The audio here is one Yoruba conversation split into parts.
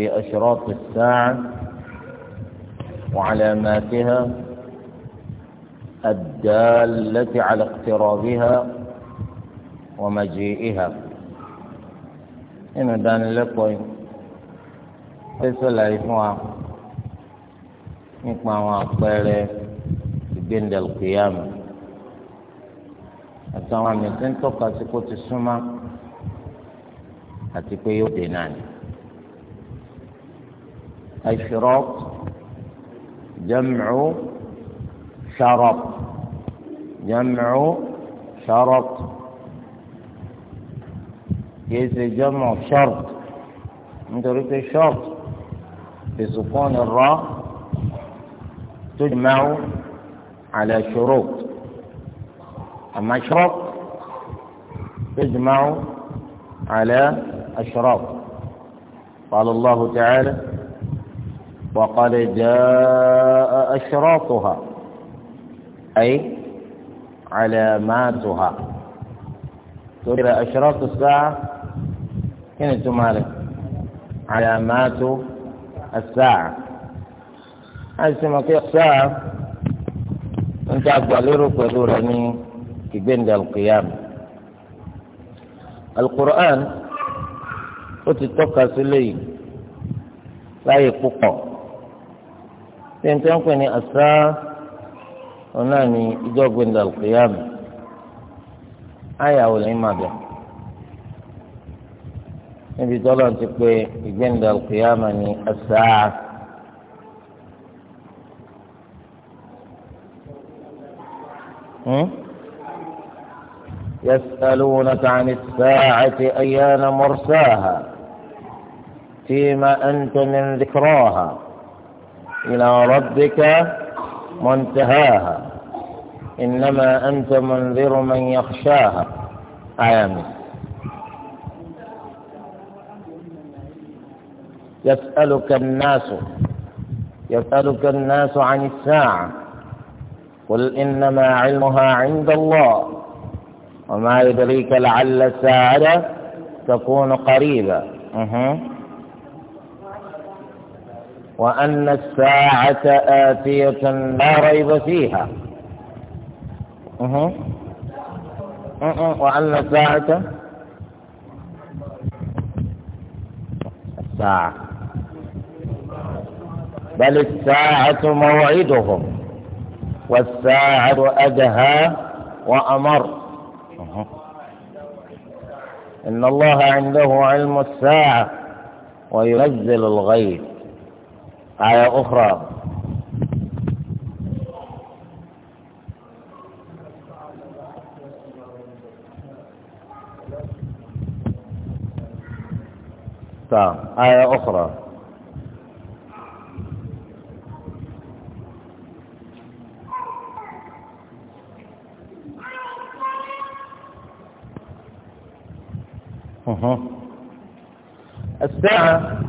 في أشراط الساعة وعلاماتها الدالة على اقترابها ومجيئها إن دان لقوي ليس لا يفوع نقمع وعقبالي بين القيامة أتوقع من تنتقى سكوت السماء أتكوي يودي ناني الشراط جمع شرط جمع شرط كيف جمع شرط من طريق الشرط سكون الراء تجمع على شروط أما أشراط تجمع على أشراط قال الله تعالى وقد جاء أشراطها أي علاماتها ترى أشراط الساعة هنا تمالك علامات الساعة هذه سمكية الساعة أنت أقبلر قدورني كبند القيامة القرآن قلت ti tọ́ka sí léyìí láyé púpọ̀ ṣé nítorí wọn pè ní àṣà wọn náà ní ìjọ gbẹndà òkèèyàmù àyàwó lè má bẹ níbi tọ́lọ̀ ti pé ìgbẹndà òkèèyàmù ní àṣà. يسألونك عن الساعة أيان مرساها فيما أنت من ذكراها إلى ربك منتهاها إنما أنت منذر من يخشاها آمين آية يسألك الناس يسألك الناس عن الساعة قل إنما علمها عند الله وما يدريك لعل الساعة تكون قريبا وأن الساعة آتية لا ريب فيها أه، أه، وأن الساعة الساعة بل الساعة موعدهم والساعة أدهى وأمر إن الله عنده علم الساعة وينزل الغيث آية أخرى طيب آية أخرى الساعة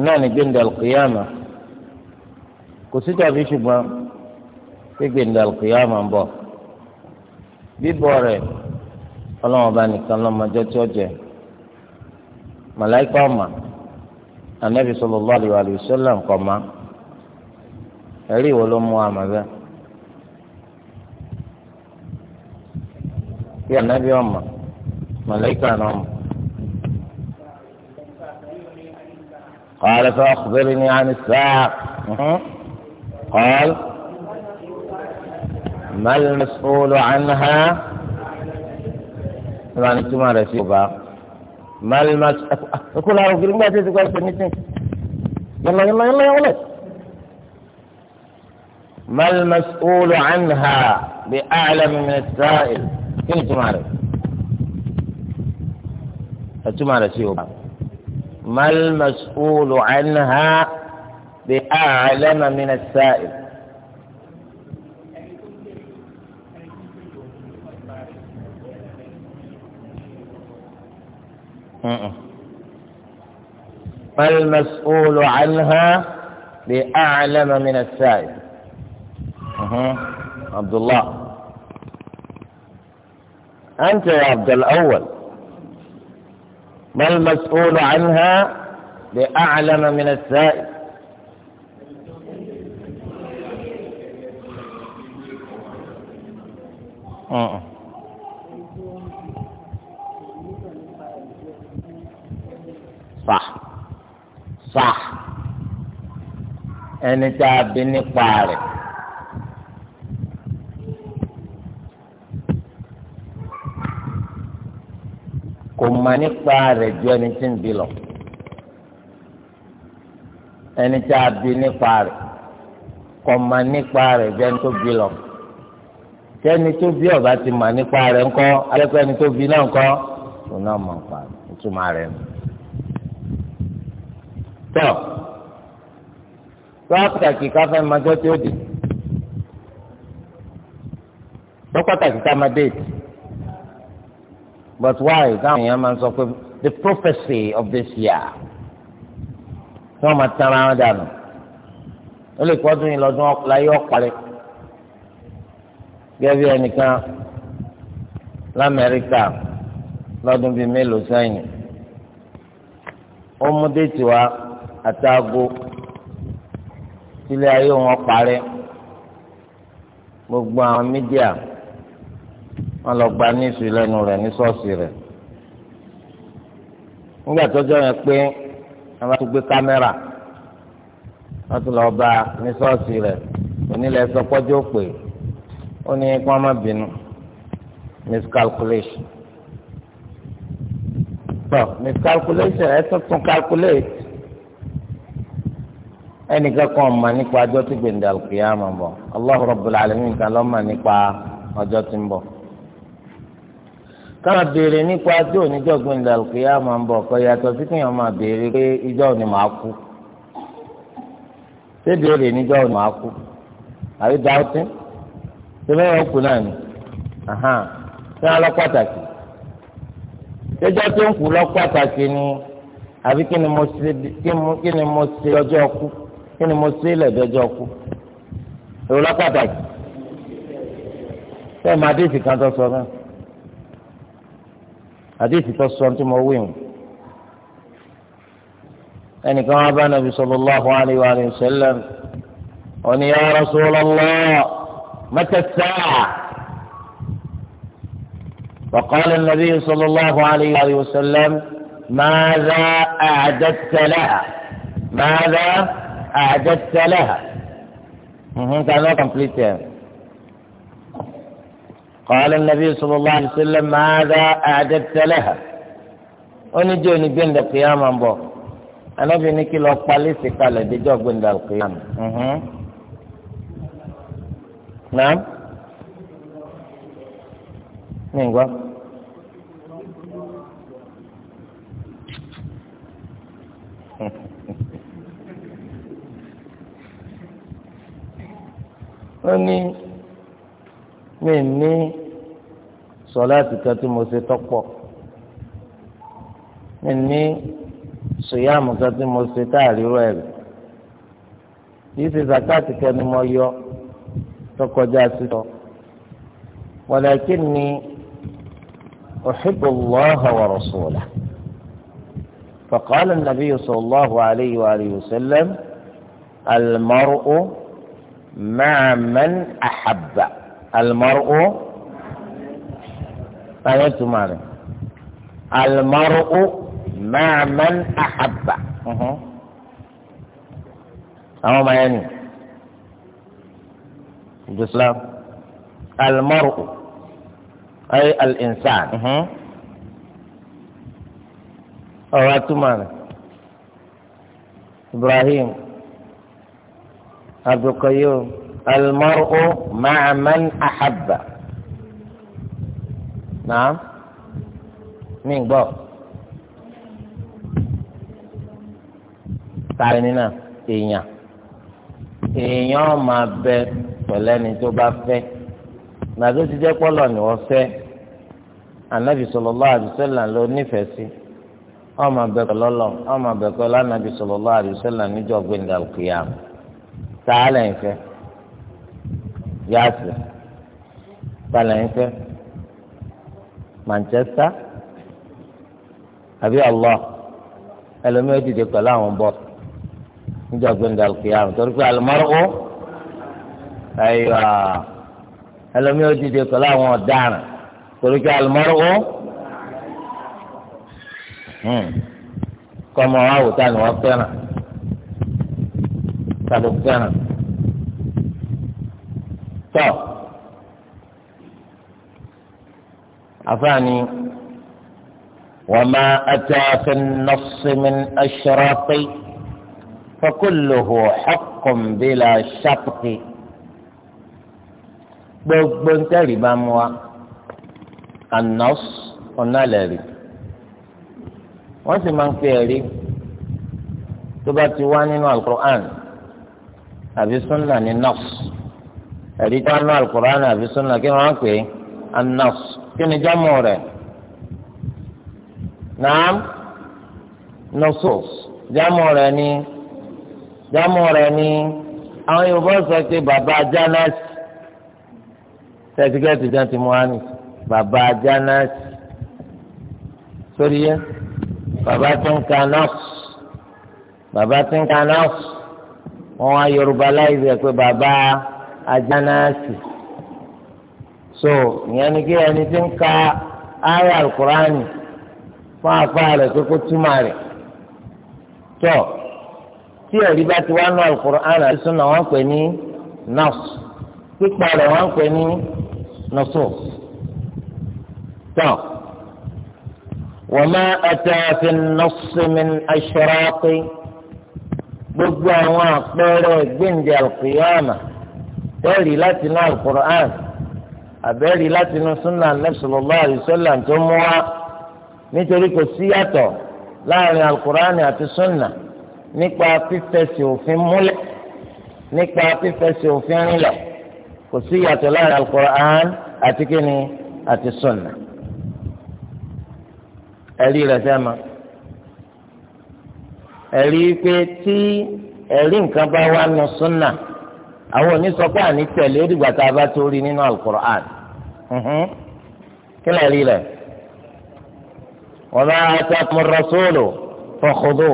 náà ní gbẹ̀ndẹ̀ alùkìyàmà kò sí tàbí ṣùgbọ́n pé gbẹ̀ndẹ̀ alùkìyàmà ń bọ̀ bíbọ̀ rẹ̀ ọlọ́run ọba nìkan lọ́mọdé tí ó jẹ màláìkà ọ̀mà anabi sallallahu alaihi wa sallam kò mọ̀ ẹ̀rí wo ló mú àmà bẹ́ẹ̀ anabi ọ̀mà màláìkà náà mọ̀. قال فأخبرني عن الساعة أه. قال ما المسؤول عنها طبعا انتم رسيبا ما المسؤول عنها هذا تقول يلا يلا يلا يا ولد ما المسؤول عنها بأعلم من السائل كنتم عارف انتم رسيبا ما المسؤول عنها بأعلم من السائل ما المسؤول عنها بأعلم من السائل عبد الله أنت يا عبد الأول ما المسؤول عنها بأعلم من السائل آه. صح صح أنت tá a mà nípa rẹ̀ ju ẹni tí ń bi lọ ẹni tí a bi nípa rẹ̀ kò mà nípa rẹ̀ ju ẹni tó bi lọ tẹni tó bí ọba ti mà nípa rẹ̀ ńkọ́ alẹ́kọ́ ẹni tó bi náà ńkọ́ òun náà mọ̀ nípa rẹ̀ ìtumọ̀ rẹ̀ nù. tọ́ tó pàtàkì káfẹ́ mọ́jọ́ tí ó dì tó pàtàkì ká má déètì but why táwọn èèyàn máa ń sọ pé the prophecy of this year tí wọ́n máa tẹ́ra wọn dànù ó lè pọ́dún yìí lọ́dún láyé ọ̀parẹ́ gẹ́gẹ́ bí ẹnìkan lamẹ́ríkà lọ́dún bíi mélòó sẹ́yìn ó mú déètì wá àtàgò sílé ayé wọn parẹ́ gbogbo àwọn mídíà. wọn lọ gba níìsì lẹ́nu rẹ ní ṣọ́ọ̀ṣì rẹ nígbà tọ́jọ́ yẹn pé wọn bá tún gbé wọn tún lọ bá ní rẹ pé ó ní kí má bínú miscalculation tọ miscalculation ẹ tún calculate ẹnìkan kan nípa ọjọ́ tí gbèǹdà kìí àmọ̀ káwọn béèrè nípa tí oníjọ́gbìn ìdàlùkìyà máa ń bọ̀ kọ́ yàtọ̀ sí kí wọ́n máa béèrè pé ìjọ́ ni màá kú ṣé béèrè níjọ́ ni màá kú àbí ṣé kú náà ni ṣé tó ń kú ni àbí kí ni mo ṣe kí ni hadithi tó sọ ntí mo wí hùn ẹnìkan wá bá nàbí sallallahu alayhi wa alayhi wa sallam ó ní ya Rasulullah mata as-sa'a وقال النبي صلى الله عليه وسلم ماذا أعددت لها ماذا أعددت nǹkan náà kọ́mpìlítẹ̀ ẹ̀. قال النبي صلى الله عليه وسلم ماذا أعددت لها oníjó ni gbẹ̀ndà kìyàmà ń bọ̀ anábì ní kí lọ́ọ́ palẹ́ sí kalẹ̀ díjọ́ gbẹ̀ndà kìyàmà. naam ní ngbọ́. ó ní mi ní sọláàtì kan tí mo ṣe tọ́pọ̀ mi ní sòyàmù kan tí mo ṣe táàrí rẹ̀ rẹ̀ yìí ṣe zakati ni mo yọ tọkọjá sísọ wàlàkì ni uhibbu Allaha wa rasulahu فقال النبي صلى الله عليه وآله وسلم المرء مع من أحبه alimọ́rùú báyọ̀ túmọ̀ rẹ̀ maman ahabba àhàbà àwọn ọmọ yẹn ni islam alimọ́rùú ayé alinsaan ọ̀rọ̀ túmọ̀ rẹ̀ ibrahim Qayyum المرء مع من أحب نعم مين بقى تعالي هنا إياه èèyàn máa bẹ pẹ̀lẹ́ni tó ni wọ́n fẹ́ anabi sallallahu alaihi wasallam ló nífẹ̀ẹ́ sí ó máa bẹ pẹ̀lọ́lọ̀ ó máa bẹ pẹ̀lọ́ anabi sallallahu alaihi yáàsì balẹ̀ńfẹ́ Manchester àbí Allah ẹlòmíì dìde pẹ̀lú àwọn bọ́ọ̀sì níjọ́ gbẹ̀ndà kìyàm torí pé alùmọ́rọ́kọ́ ayọ̀ ẹlòmíì dìde pẹ̀lú àwọn ọ̀daràn torí pé alùmọ́rọ́kọ́ hmm. kọ́mọ àwòtá ni wọ́n fẹ́ràn tàbí fẹ́ràn tọ́ àfààní wàmà àtàfin nọ́ọ̀sìmìn aṣọ́rọ́pẹ́ fọkúlùhù ọ̀kùn bílà ṣàpùkì gbogbo ntẹ̀rì bá mú wa anọ́s ọ̀nàlẹ́rì wọ́n sì máa ń pè ẹ̀rí tó bá ti wá nínú alukur'an àbí sunna ní nọ́ọ̀sì ẹ̀rí tó ń lọ alukur'an àbí sunna kí wọ́n pè é anas kí ni jámọ̀ rẹ̀ naam nusus jámọ̀ rẹ̀ ni jámọ̀ rẹ̀ ni àwọn yorùbá sọ pé bàbá janas tẹ̀síkẹ́tì jẹ́ ti mú wa ni bàbá janas sórí nas bàbá tó nas wọn wá yorùbá láì sẹ pé bàbá ajánásì so ìyẹn ni kí ẹni tí ń ka ayé alukurani fún afá rẹ kókó túmọ̀ rẹ tọ tí ẹ̀rí bá ti wá nù alukurani àti sunna wọn pè ní nọọsù pípa rẹ wọn pè ní nọọsù tọ wàmà ẹtẹẹfin nọọsùmí aṣọraàpẹ gbogbo àwọn àpẹẹrẹ gbẹǹdẹ alukuyama tẹ́rì láti inú alukur'an àbẹ́rì láti inú sunna anẹ́sọ̀lọ́lá àdìsọ́là tó mú wa nítorí kò sí yàtọ̀ láàrin alukur'an àti sunna nípa fífẹsẹ̀ òfin múlẹ̀ nípa fífẹsẹ̀ òfin rinlẹ̀ kò sí yàtọ̀ láàrin alukur'an àti kíni àti sunna ẹ̀rí rẹ̀ sẹ́ma ẹ̀rí pé tí ẹ̀rí nǹkan bá wà nù sunna àwọn onísọpọ àní tẹ̀lé ó dìgbà tá a bá tó mhm. rí nínú alukur'an kí lè rí rẹ wa ma atakum ar-rasulu fakhudhu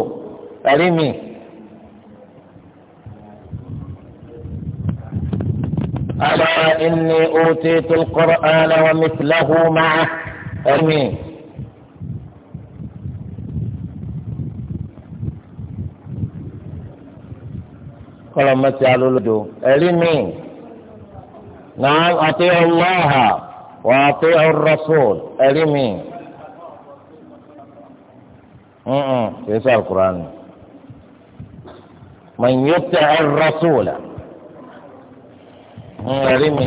ẹrí إني أوتيت القرآن ومثله معه أمين kọlọmọtì alólodò ẹ̀rí mi náà àti ọlọ́ọ̀hà wà àti ọrọ́fọ́ọ̀d ẹ̀rí mi kìí sọ àkùránì mọ̀nyẹ́tẹ̀ ọrọ́fọ́ọ̀là ẹ̀rí mi.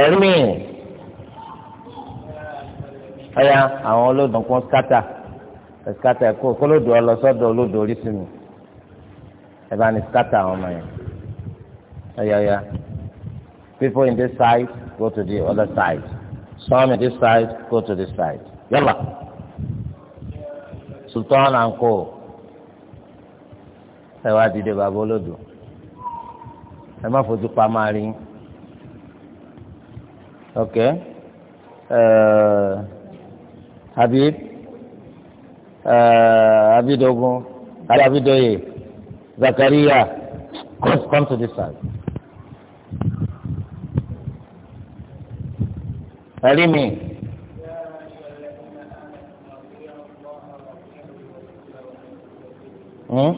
ẹ̀rí mi ọ̀yà àwọn olódò kan skata skata ẹ̀kọ́ kólódò ọlọ́sọ́dọ̀ olódò orísun mi ẹ bá ní skata àwọn ọmọ yẹn ọ̀yà ọ̀yà people in this side go to the other side some in this side go to this side yálà sultan and co ẹ wá dìde bàbá olódò ẹ má fojú pa máa rí ok. Uh, Habib uh, Abidogun Alabidoye Zakaria come, come to this side. Alimi. Hmm?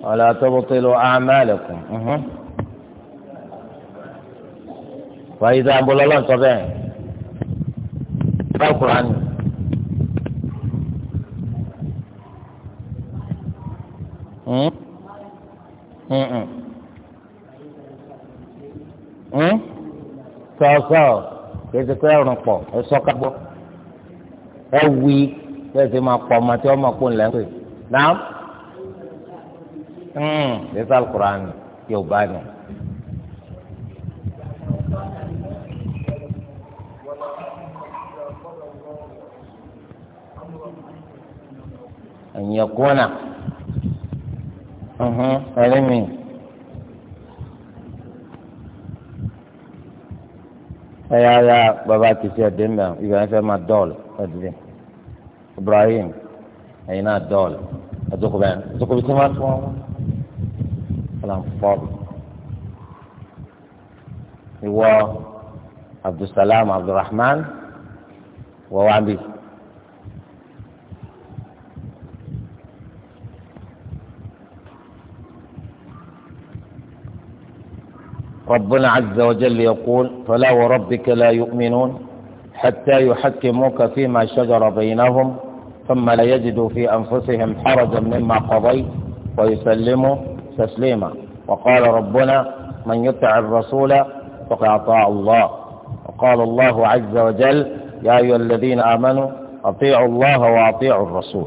ولا تبطلوا أعمالكم. Uh -huh. wàyí dáa bọ́ lọ́lọ́ nǹkan bẹ́ẹ̀ báwo kura ni. sọ̀ọ̀sọ̀ kìí pé ọ̀rùn pọ̀ ẹ sọ́ka gbọ́ ẹ wí bẹ́ẹ̀ sì máa pọ̀ ọmọ tí wọ́n máa pọ̀ náà kìí kura ni yóò bá ni. yakuna ẹ̀rí mi. ẹ̀yà ya bàbá kìsì ẹ̀dẹ́ mbà ibà ẹ̀fẹ̀ máa dọ́ọ̀lù ẹ̀dẹ́ Ibrahim ẹ̀yin náà dọ́ọ̀lù ẹ̀dọ́kùnrin ẹ̀dọ́kùnrin tí wọ́n tún wọn fọ́ ìwọ Abdulsalam Abdulrahman wọ́n wá bíi. ربنا عز وجل يقول فلا وربك لا يؤمنون حتى يحكموك فيما شجر بينهم ثم لا يجدوا في أنفسهم حرجا مما قضيت ويسلموا تسليما وقال ربنا من يطع الرسول فقد أطاع الله وقال الله عز وجل يا أيها الذين آمنوا أطيعوا الله وأطيعوا الرسول.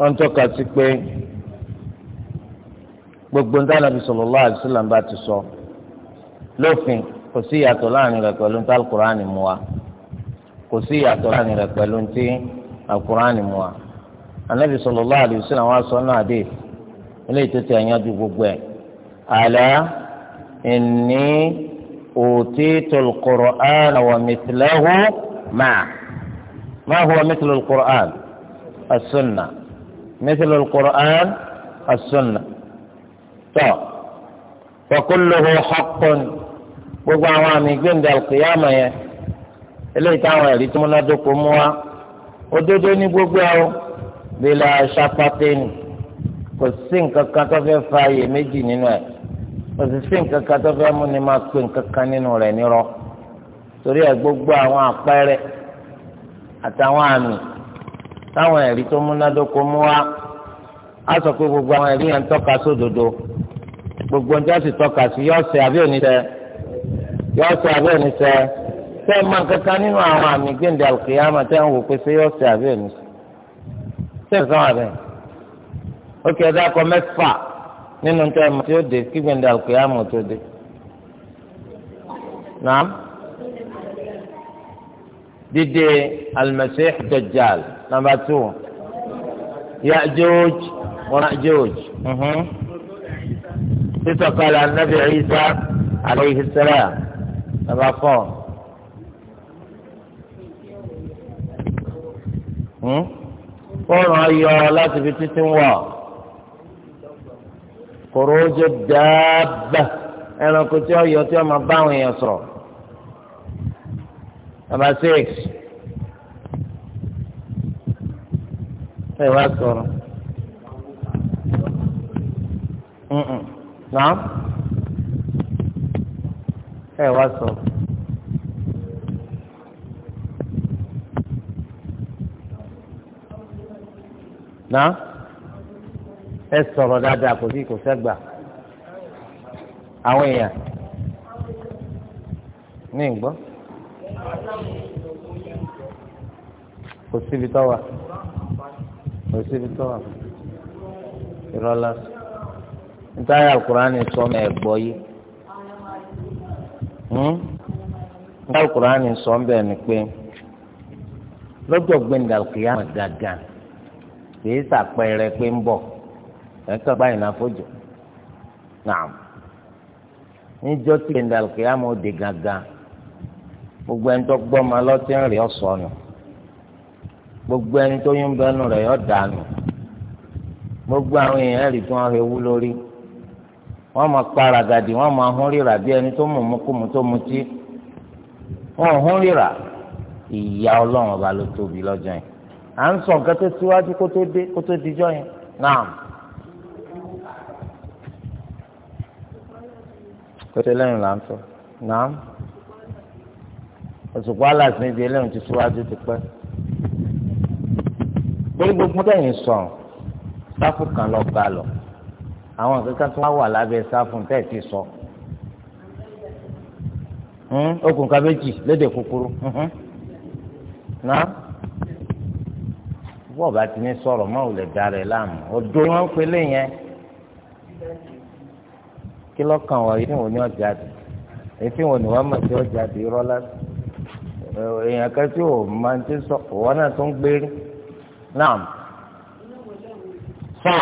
أنت كاتب gbogbo ń tánà bisọ lọ́wọ́ àdìsílà ń bá ti sọ lófin kò sí ìyàtọ̀ láàrin rẹ̀ pẹ̀lú ń tá alukur'ani mu wa kò sí ìyàtọ̀ láàrin rẹ̀ pẹ̀lú ń tí alukur'ani mu wa anabi sọlọ lọ́wọ́ àdìsílà wọn sọ náà dé ilé ìtòtí àyànjú gbogbo ẹ̀ àlá ìní òtí tolukọ̀rọ̀ án àwọn mìtìlẹ́hù máa máa hùwà mìtìlẹ́hù kọ̀rọ̀ án asúnà mìtìlẹ́hù kọ̀rọ̀ án asúnà tọ fọkúlùhù haqqun gbogbo àwọn àmì gbẹ̀ǹdà kìyàmà yẹn eléyìí táwọn ẹ̀rí tó múnádóko mú wa òdodo ní gbogbo ẹ o bílà ṣàpàtẹ́nì kò sí nǹkan kan tó fẹ́ fa iyè méjì nínú ẹ̀ kò sì sí nǹkan kan tó fẹ́ mú ni máa pè nǹkan kan nínú rẹ̀ nírọ́ torí ẹ̀ gbogbo àwọn àpẹẹrẹ àtàwọn àmì táwọn ẹ̀rí tó múnádóko mú wa á sọ pé gbogbo àwọn ẹ̀rí yẹn ń tọ́ka sódodo. So gbogbo ń jásì tọ́ka sí yọ ọ̀sẹ̀ àbí oníṣẹ́ yọ ọ̀sẹ̀ àbí oníṣẹ́ tẹ́ ẹ máa kankan nínú àwọn àmì gbẹ̀ǹdẹ̀ àlùkìyàmà tẹ́ ń wò pé ṣé yọ ọ̀sẹ̀ àbí oníṣẹ́ tẹ́ ẹ sọ́wọ́n rẹ̀ ó kẹ́ ẹ dákọ mẹ́fà nínú tẹ́ ẹ máa tí ó dé kí gbẹ̀ǹdẹ̀ àlùkìyàmà tó dé. Naam dídé Al-Masih nàmbà tù Ya'juj wa Ma'juj. Mhm. قال عن النبي عيسى عليه السلام لما قام قال هيا لا تبتتم وا خروج الدابة أنا كنت هيا أيوة، أيوة، أيوة، تيما باوي يسرى أما سيكس أيوة أكثر 嗯嗯。Mm mm. nàám ẹ wá sọ. nàám ẹ sọ̀rọ̀ dáadáa kò sí kò sẹ́gbà àwọn èèyàn ní ìgbọ́ kò síbi tó wà kò síbi tó ìrọ̀lá. nítorí alukur'ani sọmọ ẹ gbọ́ yìí hmm? nítorí alukur'ani sọmọ ẹ ní pé lọ́jọ́ kìí sàpẹrẹ pé ń bọ̀ ẹ̀ka báyìí náà naam níjọ́ tí gbẹ̀ndà kìyàmà ó de gbogbo ẹni tó ma lọ́tí ń rí gbogbo ẹni tó yún bẹ́ẹ̀ nù gbogbo àwọn èèyàn lórí. wọ́n máa pa ràgàdì wọ́n máa hún ríra bí ẹni tó mú mú kú mu tó mutí wọ́n hún ríra ìyá ọlọ́run ọba ló tóbi lọ́jọ́ yẹn à ń sọ nǹkan tó síwájú kó tó dé kó tó dijọ́ yẹn náà. kótó lẹ́yìn là ń sọ náà òṣùpá aláàfin ibi eléyìí ti síwájú ti pẹ́ pé gbogbo tẹ̀yìn sọ̀rọ̀ sáfù kan lọ́ọ́ gbà lọ àwọn kankan tó wà lábẹ́ sáfún tẹ́ ẹ̀ ti sọ hmm? okùn kábéjì lédè kúkúrú hmm? náà bọ́ọ̀ bá ti ní sọ̀rọ̀ máa ò lè dára ẹ̀ láàmú odò wọn ń pelé yẹn kí lọ́kàn wọ̀ yìí wọ́n ní ọjà dì èyí wọ́n ní wọ́n mọ̀ sí ọjà dì irọ́ lásán èèyàn kan tí ò máa ti sọ òwò náà tó ń gbé náà fà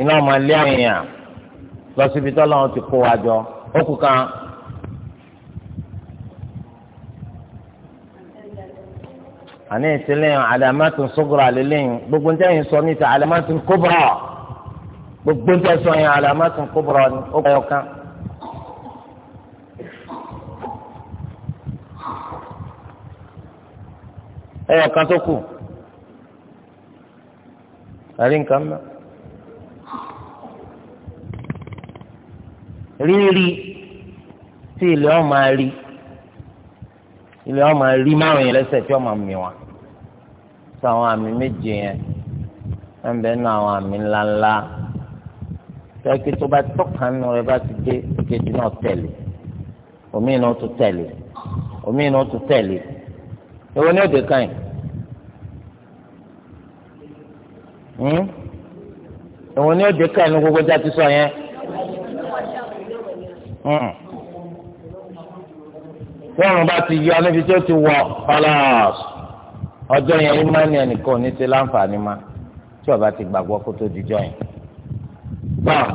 iná ọmọ ilé àwọn èèyàn lọ síbi tó lọ́wọ́ ti kó wa jọ ó kú kan. àní ìtìlẹ̀ àdàmátù sọ́gùrọ̀ àlélẹ́yìn gbogbo níta yìí sọ níta àdàmátù kóbọ̀rọ̀ gbogbo níta sọ yẹn àdàmátù kóbọ̀rọ̀ ni ó kọ́ ẹ̀yọ̀kan. ẹ̀yọ̀kan tó kù ẹ̀rí nǹkan mọ́. rírí tí ilé ọmọ rí ilé ọmọ rí márùn yẹn lẹ́sẹ̀ tí ọmọ mi wá sọ àwọn àmì méje yẹn ẹ̀ ń bẹ́ẹ̀ nù àwọn àmì ńláńlá tẹ́kí tó bá tọ́kànnù rẹ bá ti dé kejì náà tẹ̀lé omi náà tún tẹ̀lé omi náà tún tẹ̀lé èwo ni òde kan yìí hmm? èwo ni òde kan yìí ní gbogbo jáde sọ yẹn. wọ́n bá ti yọ níbi tí ó ti wọ̀ kọ́lọ́s ọjọ́ yẹn ìmánì ẹnìkan ò ní ṣe láǹfààní ma tí ọba ti gbàgbọ́ kó tó dijọ́ yẹn. báà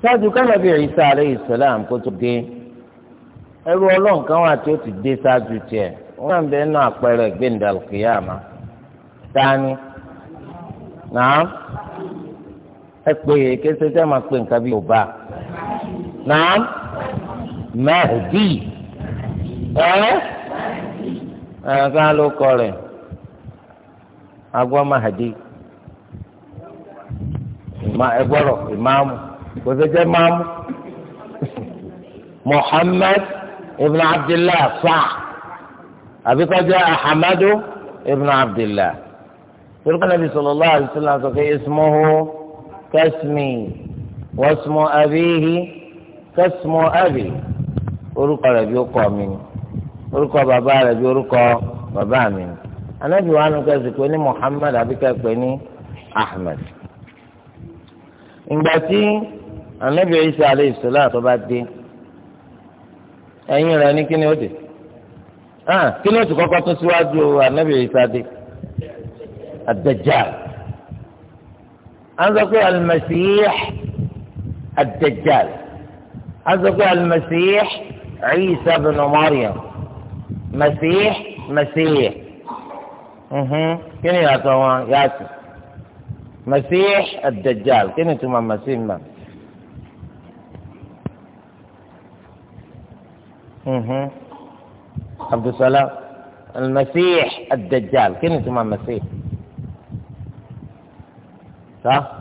ṣáàjú kánábì Ìsá aláyhi sàlám kó tó dé ẹrú ọlọ́run kan wà tí ó ti dé ṣáájú tiẹ̀ wọ́n ń bẹ nínú àpẹẹrẹ gbẹ̀ndàlùkìyàmá tání náà. ẹ pè é kése tẹ́ máa pè nǹkan bí yorùbá náà mẹ́ẹ̀dì ẹ́ ẹ̀ ká ló kọ rẹ̀ agbọ́ mahadi ẹgbọ́rọ̀ ìmáàmù kò sí máàmù Muhammad ibn Abdullah fa àbíkọ́jọ́ ahamadu ibn Abdullah. Turkana bi sallallahu alaihi wa sallam sọ كاسمي واسم أبيه كاسم أبي orúkọ rẹ̀ bí orúkọ mi ni orúkọ bàbá rẹ̀ bí orúkọ bàbá mi ni anabi wa nùkẹ́ sì pé ní Muhammad abikẹ́ pé ní Ahmed ìgbà tí anabi Isa alayhi salam tó bá dé ẹ̀yìn rẹ̀ ní kíni ó dé ah, kíni ó ti kọ́kọ́ tó síwájú anabi Isa dé Ad-Dajjal. أنزقي المسيح الدجال أنزقي المسيح عيسى بن مريم مسيح مسيح اها كني يا مسيح الدجال كني توما مسيح ما عبد السلام المسيح الدجال كني توما مسيح صح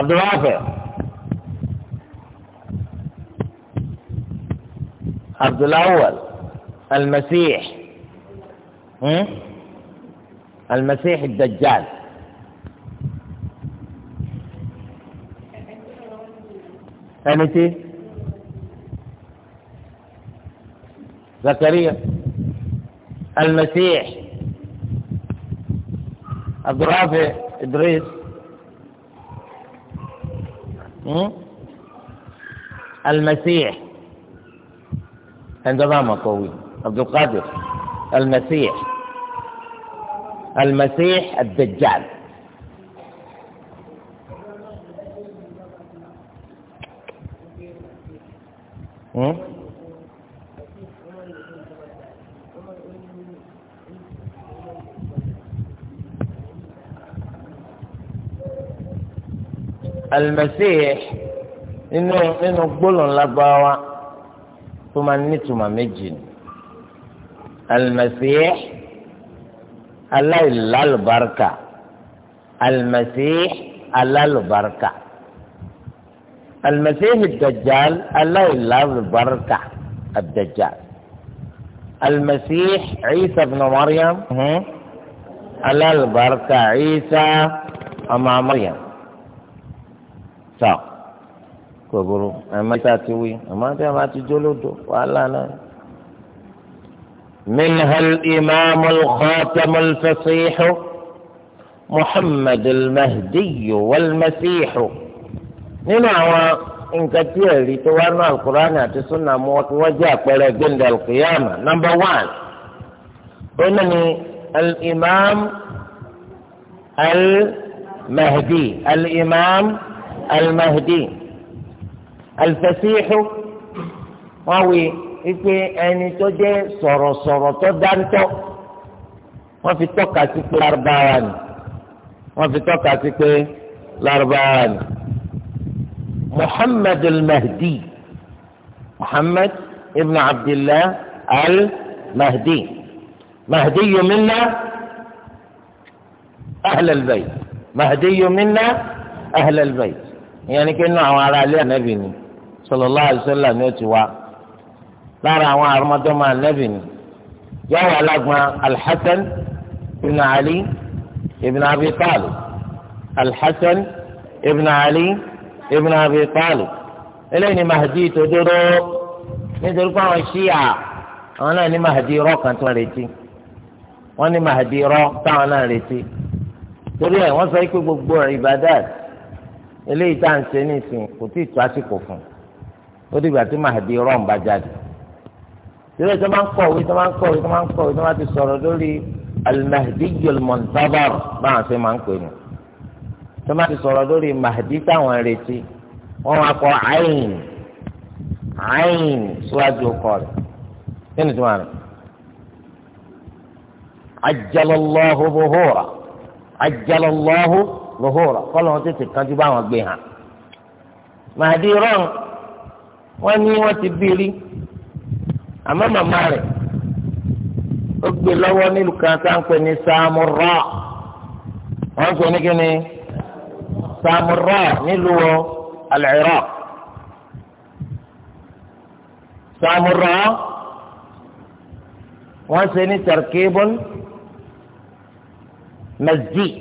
عبد الرافع عبد الأول المسيح م? المسيح الدجال أنتي زكريا المسيح عبد الرافع إدريس المسيح عند ما قوي عبد القادر المسيح المسيح الدجال Hmm? Al-Masih nínú nínú gbólóhùn lágbáwá tó máa ń nítumọ̀ méjì ni Al-Masih aláìlálùbáríkà Al-Masih alálùbáríkà Al-Masih ad-Dajjal aláìlálùbáríkà ad-Dajjal Al-Masih Isa ibn Maryam alálùbáríkà Isa ọmọ Maryam. tà kò burú àmọ́ ìta ti wí àmọ́ ìta máa ti jó lódò wàhálà náà. منها الإمام الخاتم الفصيح محمد المهدي والمسيح nínú àwọn nǹkan tí ẹ̀rí tó wá náà alukur'an àti sunna mu wọ́n wọ́n jẹ́ àpẹẹrẹ gbẹ̀ndẹ̀ alukuyama nọmba wán ó náà ni al-imam al-mahdi al-imam al-mahdi. المهدي الفسيح wáwé wípé ẹni tó jẹ́ sọ̀rọ̀sọ̀rọ̀ tó dáńtọ́ wọ́n fi tọ́ka sí pé lárúbáwá ni wọ́n fi tọ́ka sí pé lárúbáwá ni muhammed al-mahdi muhammed ibn abdullah al-mahdi mahdi yomina ahlal bayt mahdi yomina ahlal bayt. ìyẹn ni pé nínú àwọn ará ilé ànábì ni sallallahu alaihi wasallam ni ó ti wá lára àwọn àrọmọdọ́mọ ànábì ni yàrá alágbọn alḥasan ibn ali ibn abi talib alḥasan ibn ali ibn abi talib eléyìí ni mahdi tó dúró nítorí pé àwọn ṣíà àwọn náà ní mahdi irọ́ kan tó retí wọ́n ní mahdi irọ́ táwọn náà retí torí ẹ̀ wọ́n sọ pé gbogbo ìbádàt eléyìí tá à ń ṣe nísìnyí kò tí ì tó àsìkò fún un ó dìgbà tí Mahdi rọ̀n bá jáde tẹ́lẹ̀ tó máa ń kọ̀wé tó máa ń kọ̀wé tó máa ń kọ̀wé tó máa ti sọ̀rọ̀ lórí al-Mahdi al-Muntazar báwọn ṣe máa ń pè nù tó máa ti sọ̀rọ̀ lórí Mahdi táwọn retí wọ́n máa kọ ayin ayin síwájú ọkọ rẹ̀ kí ni tó máa rẹ̀ ajjalallahu buhura ajjalallahu lóhùrà kọ́lọ́ wọn tètè kánjú bá wọn gbé hàn. màdí rọ́ọ̀n wọ́n ní wọ́n ti bí rí àmọ́ màmá rẹ̀ ó gbé lọ́wọ́ nílùú kan sáńpẹ́ ní sàmúrà wọ́n sọ ní kíni sàmúrà nílùú al-Iraq sàmúrà ṣe ní tarkibun masjid.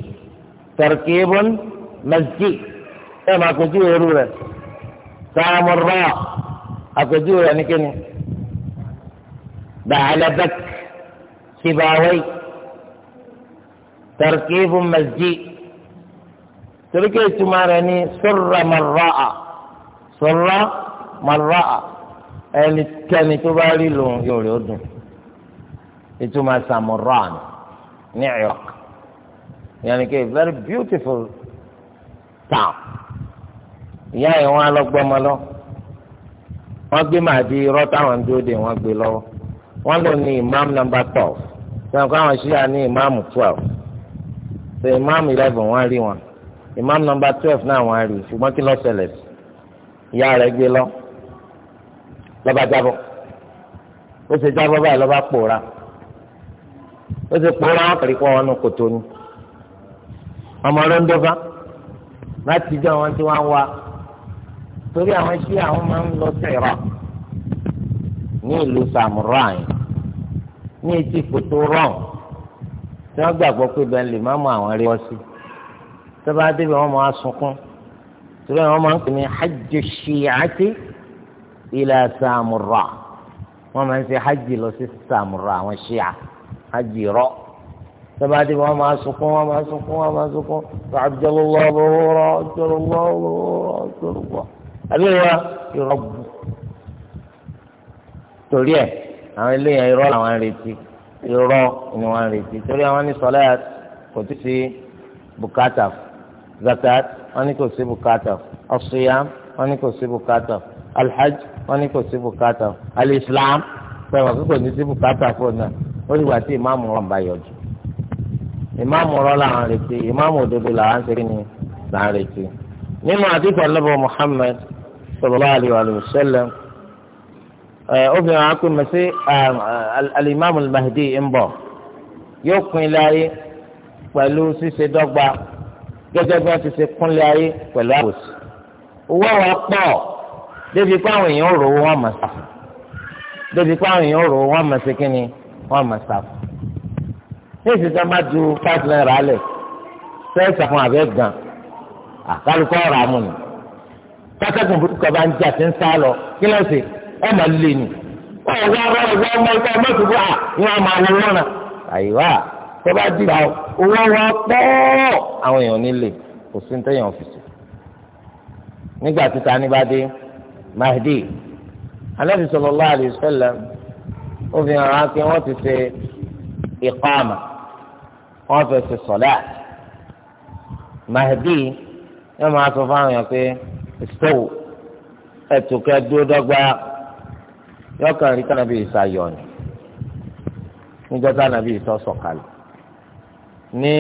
تركيب مزجي كما إيه، كجيو يرورة سام الراء أكجيو يعني كني بعلبك سباوي تركيب مزجي تركيب تمارني يعني سر من راء سر من راء يعني tó bá لون يولي ودن يتما سام الراء نعيق yàní kí very beautiful town ìyá yẹn wọn alọgbọmọ lọ wọn gbé màdí irọ́ táwọn dúró de wọn gbé lọ́wọ́ wọn lò ní imam number twelve sọ pé àwọn ṣíà ní imam twelve so imam eleven wọn rí wọn imam number twelve náà wọn rí ṣùgbọ́n kí ló ṣẹlẹ̀ sí ìyá rẹ̀ gbé lọ lọ́ba jábọ̀ ó ṣe jábọ̀ báyìí lọ́ba pòórá ó ṣe pòórá wọn kọ́ wọn nù kòtò ni ọmọ lọ́ńdọ́fà láti jọ àwọn tí wọ́n wá torí àwọn ṣí àwọn máa ń lọ sẹ́rọ̀ ní ìlú samurai ní etí kòtò rọ́ọ̀n tí wọ́n gbàgbọ́ pé bẹ́ẹ̀ lè má mọ àwọn rí wọ́n sí tọ́ba débi wọ́n máa sunkún torí àwọn máa ń pè ní hajj ṣìyàtì ila samurai wọ́n máa ń ṣe hajj lọ sí samurai àwọn ṣìyà hajj rọ́ọ̀ tọ́ba dé wọ́n máa sunkún wọ́n máa sunkún wọ́n máa sunkún àjọlọ́wọ́ lọ́wọ́rọ́ àjọlọ́wọ́ lọ́wọ́rọ́ àjọlọ́wọ́ àbíwá irọ́ bù. torí ẹ̀ àwọn eléyàn irọ́ làwọn retí irọ́ ni wọ́n retí torí àwọn ní sọlá kò tí sí bùkátà zakat wọ́n ní kò sí bùkátà ọ̀ṣùyàm wọ́n ní kò sí bùkátà alhaj wọ́n ní kò sí bùkátà alislam pẹ̀lú àkókò ní sí bùkátà fún náà ó ní wàá tí ìmáàmù wọn bá yọjú ìmáàmù ọ̀rọ̀ làwọn retí ìmáàmù òdodo làwọn ṣe kí ni làwọn retí. nínú àdìsọ lọ́bọ̀ Muhammad sallallahu alaihi wa sallam obìnrin àkú mẹ́sì alimami Mahdi ń bọ̀ yóò kún ilé ayé pẹ̀lú ṣíṣe dọ́gba gẹ́gẹ́ bí wọ́n ti ṣe kúnlé ayé pẹ̀lú àbòsí. owó àwọn pọ̀ débi pé àwọn èèyàn rò wọ́n mọ̀ sáfù débi pé àwọn èèyàn rò wọ́n mọ̀ sí kí wọ́n mọ̀ sáfù ní ìsinsìnyí má ju five naira lẹ̀ sẹ́ẹ̀sì àwọn àbẹ́ gan àkálùkọ́ ọ̀rọ̀ àmú ni pátákùn burúkú bá ń jà sí ń sá lọ kí ló ṣe ẹ má lè nì ọ̀rọ̀ ọ̀rọ̀ ọ̀rọ̀ ọmọ ìta ọmọ ìṣubú à ní wọn máa wọ lọ́nà àyíwá tó bá dìgbà owó wọn pọ̀ àwọn èèyàn nílé kò sí ní tẹ́yàn ọ̀fìsì nígbà tí ta ní bá dé Mahdi Ànábì sallallahu alaihi wasallam ó fi hàn án pé wọ́n ti ṣe ìkọ́ àmà wọ́n fẹ́ fi sọ̀lá mahdi yóò máa sọ fáwọn yẹn pé ìsọ́wò ẹ̀tù kẹ́ dúró dọ́gba yóò kàn rí kánábì ìsayọ̀ ni níjọ́ kánábì ìsọ̀ sọ̀kalẹ̀ ní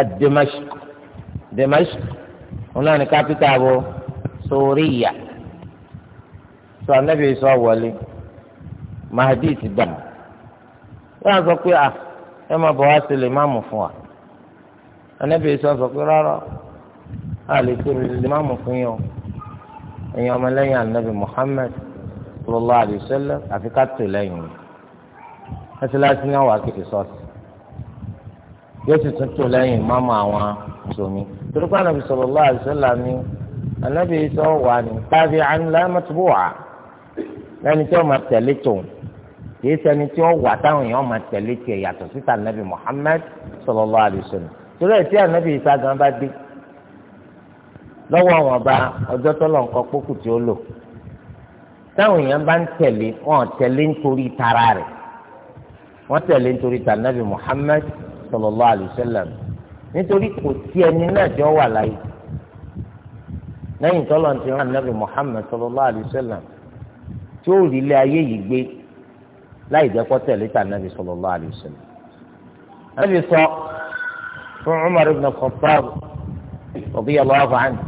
ademashik demashik wọn náà ní kápítà bó sóríyà sọ anábì ìsọ̀ wọlé mahdi ti dàmú wọ́n sọ pé ah ẹ máa bọ̀ wá sí lè má mú fún wa anábì sọ sọ pé rárá a lè tó lè má mú fún yín o ẹ̀yin ọmọlẹ́yìn anábì Muhammad sallallahu alaihi wasallam àfi ká tó lẹ́yìn o mọ́sálásí náà wà kéde sọ́ọ̀sì yóò sì tún tó lẹ́yìn mọ́mọ́ àwọn mùsùlùmí torí pé anábì sallallahu alaihi ni anábì sọ wà ní tábì'an la matbu'a lẹ́ni tí wọ́n máa tẹ̀lé tòun kìí ṣẹni tí ó wà táwọn èèyàn máa tẹ̀lé tiẹ̀ yàtọ̀ síta nàbì Muhammad sallallahu alaihi wasallam torí ẹ̀ tí ànábì Ìsá gan bá dé lọ́wọ́ àwọn ọba ọjọ́ tọ́lọ̀ nǹkan pókù tí ó lò táwọn èèyàn bá ń tẹ̀lé wọn tẹ̀lé nítorí tara rẹ̀ wọ́n tẹ̀lé nítorí ta nàbì Muhammad sallallahu alaihi wasallam nítorí kò tí ẹni náà jọ wà láyé lẹ́yìn tọ́lọ̀ ti rán nàbì Muhammad sallallahu alaihi wasallam tí ó rí ilé ayé yìí gbé láì jẹ́ kó tẹ̀lé tà nàbì sallallahu alaihi wasallam. nàbì sọ fún Umar ibn Khattab radiyallahu anhu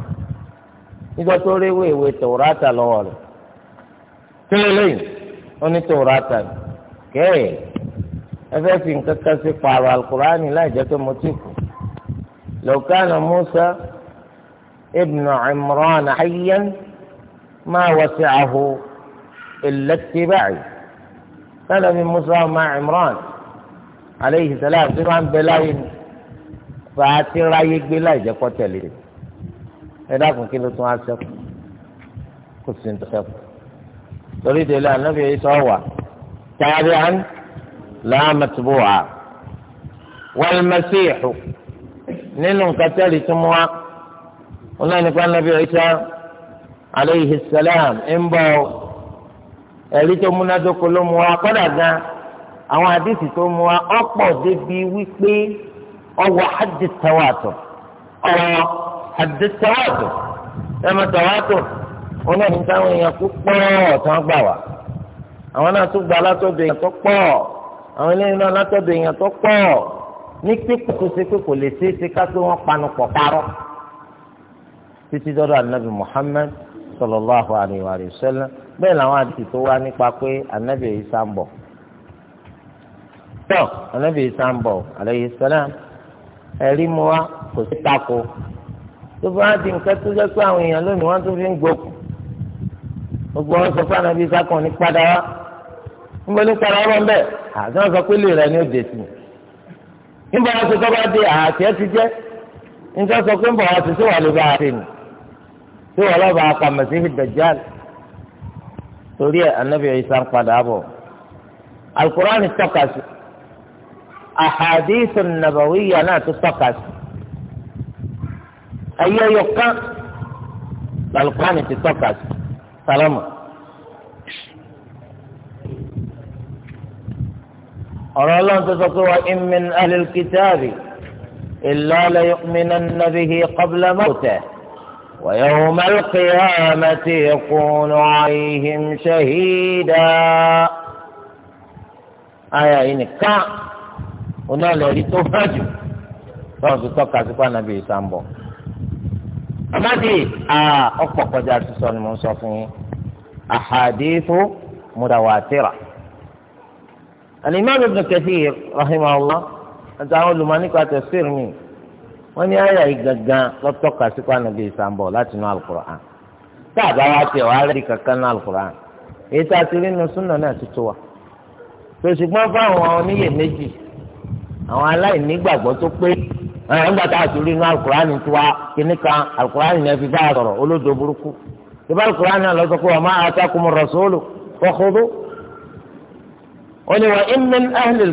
nígbà tó rí wéèwé tòwúrátà lọ́wọ́ rẹ̀ kí ló lóyún ó ní tòwúrátà kéè ẹ fẹ́ fi nǹkan kan sí pààrọ̀ alukur'ani láì jẹ́ pé mo ti kù law Musa ibnu Imran hayyan ma wasi'ahu illa ittiba'i lọ́dọ̀ bíi Musa ọmọ Imran aleyhi salam tí wọ́n bẹ láyé ni fàá ti ráyé gbé láì jẹ́ kọ́ tẹ̀lé rẹ̀ ẹ dákun kí ló tún á sẹ́kù kò sí ní sẹ́kù torí délé anábì Isa wà tàbí à ń láàmàtúbù wà wal Masihu nínú nǹkan tẹ́lẹ̀ tó mú wa wọn náà nípa anábì Isa aleyhi salam ń bọ̀ ẹ̀rí tó múnádóko ló mú wa kọ́dà gan àwọn àdìsí tó mú wa ọ̀pọ̀ débi wípé ọwọ́ àdìtàwàtò ọ̀rọ̀ na ẹ̀mọ̀tàwàtò wọn táwọn èèyàn Awọn pọ̀ ọ̀tán gbà wá àwọn náà tún gba látọ̀dọ̀ èèyàn tó pọ̀ àwọn eléyìí náà látọ̀dọ̀ èèyàn tó pọ̀ ní pípọ̀ tó panu pọ̀ parọ́ títí dọ́dọ̀ Muhammad bẹ́ẹ̀ làwọn àti tó wá nípa pé anabi isa ń bọ̀ tọ́ anabi isa ń bọ̀ alayhi salam ẹ̀rí mu wa kò sí tako tó bá di nǹkan tó jẹ́ pé àwọn èèyàn lónìí wọ́n tún fi ń gbókù gbogbo wọn sọ fún anabi isa kan ní padà wá níbo ní padà wọn bẹ́ẹ̀ àti wọn sọ pé lè rẹ ní òde sí níbo wọn sọ tó bá di àti ẹ ti jẹ́ níbo sọ pé ń bọ̀ wọn ti torí ẹ anabi Isa ń padà bọ̀ alukuraan tọ́ka sí ahadithu nabawiyya náà tó tọ́ka sí ayé ẹyọ kan alukur'an ti tọ́ka sí salama. ọ̀rọ̀ lọn tó sọ wa imin min ahlil kitabi nabihi la yu'minanna ويوم القيامة يكون عليهم شهيدا آية إنكا oná lè rí tó hàn jù lọ́wọ́ fi tọ́ka sí pàànàbí ìsàmbọ̀. àmàdì A kọjá sísọ ni mo ń sọ fún yín àhàdìfó mùdàwàtìrà. Al-Imam Ibn Kathir rahimahullah siri wọ́n ní àyà yìí gangan lọ́tọ́ka sípò ànábì ìsàmbọ̀ láti inú alukur'an tá a bá wá tẹ̀ wá rẹ̀ kankan ní alukur'an èyí tá a ti rí inú súnà náà ti tó wa tòṣùgbọ́n fáwọn oníyèméjì àwọn aláìnígbàgbọ́ tó pé àwọn ìgbà tá a ti rí inú alukur'an ti wá kíní kan alukur'an yẹn fi bá a sọ̀rọ̀ olódò burúkú ìbá alukur'an náà lọ sọ pé wa ma atakumur rasulu fakhudhu ó ní wa in min ahlil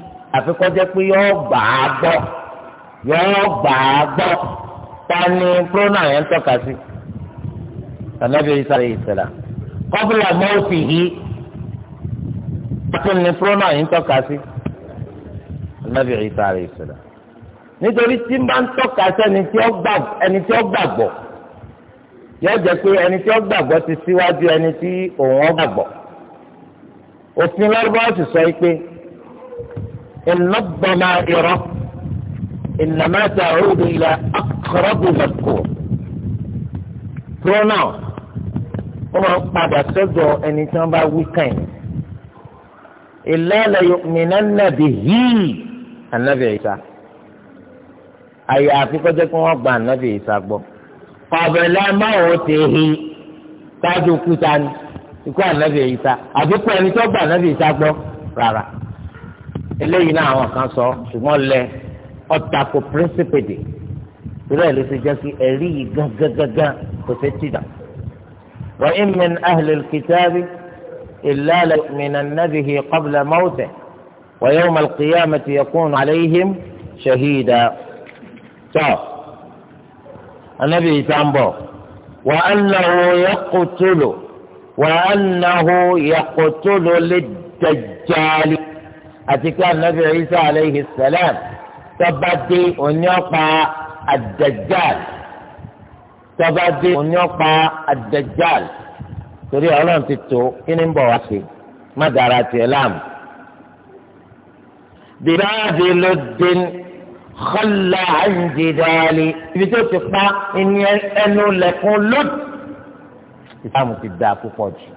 àfikọ́jẹ́ pé yọ gbà á gbọ́ yọ gbà á gbọ́ ta ni pronoun yẹn ń tọ́ka sí anabi isa alayhi salam kọ́bùlà mọ́ọ̀tì yìí tún ni pronoun yẹn ń tọ́ka sí anabi isa alayhi salam nítorí tí n bá ń tọ́ka sí ẹni tí ó gbàgbọ́ yóò jẹ́ pé ẹni tí ó gbàgbọ́ ti síwájú ẹni tí òun ó gbàgbọ́ òfin lọ́gbọ́n ti sọ pé. إن الضمائر إنما تعود إلى أقرب مذكور pronoun wọ́n máa ń padà sọ́dọ̀ ẹni tí wọ́n bá wí kàn إلا ليؤمنن به النبي عيسى àyàfi kọjá kí wọ́n gba ànábì Ìsá gbọ́ ọbẹlẹ máwòó ti hi tájú kúta ni ikú ànábì Ìsá àbíkú ẹni tó gba ànábì Ìsá gbọ́ rárá. eléyìí náà àwọn kan sọ ṣùgbọ́n lẹ ọ̀tàkù pírísípèdè ìrẹ́ ló ti jẹ́ kí ẹ̀rí yìí gángangangá kò fẹ́ tì dà. wa in min ahli al-kitabi illa layu'minanna bihi qabla mawtihi wa yawma al-qiyamati yakunu alayhim shahida. tọ́ anábì bọ̀ wa annahu yaqtulu wa annahu yaqtulu lid-dajjali. àti pé anabi isa aleyhi salam tọba dé òní ọ̀pá ad-dajjal tọba dé òní ọ̀pá ad-dajjal torí ọlọ́run ti tó kí ni ń bọ̀ wá sí má dara tiẹ̀ láàmú. bìbáàdì ló dín kọ́lá àǹdídáálì ibi tó ti pa ẹni ẹnu lẹ́kùn lód. ìsáàmù ti dáa púpọ̀ jù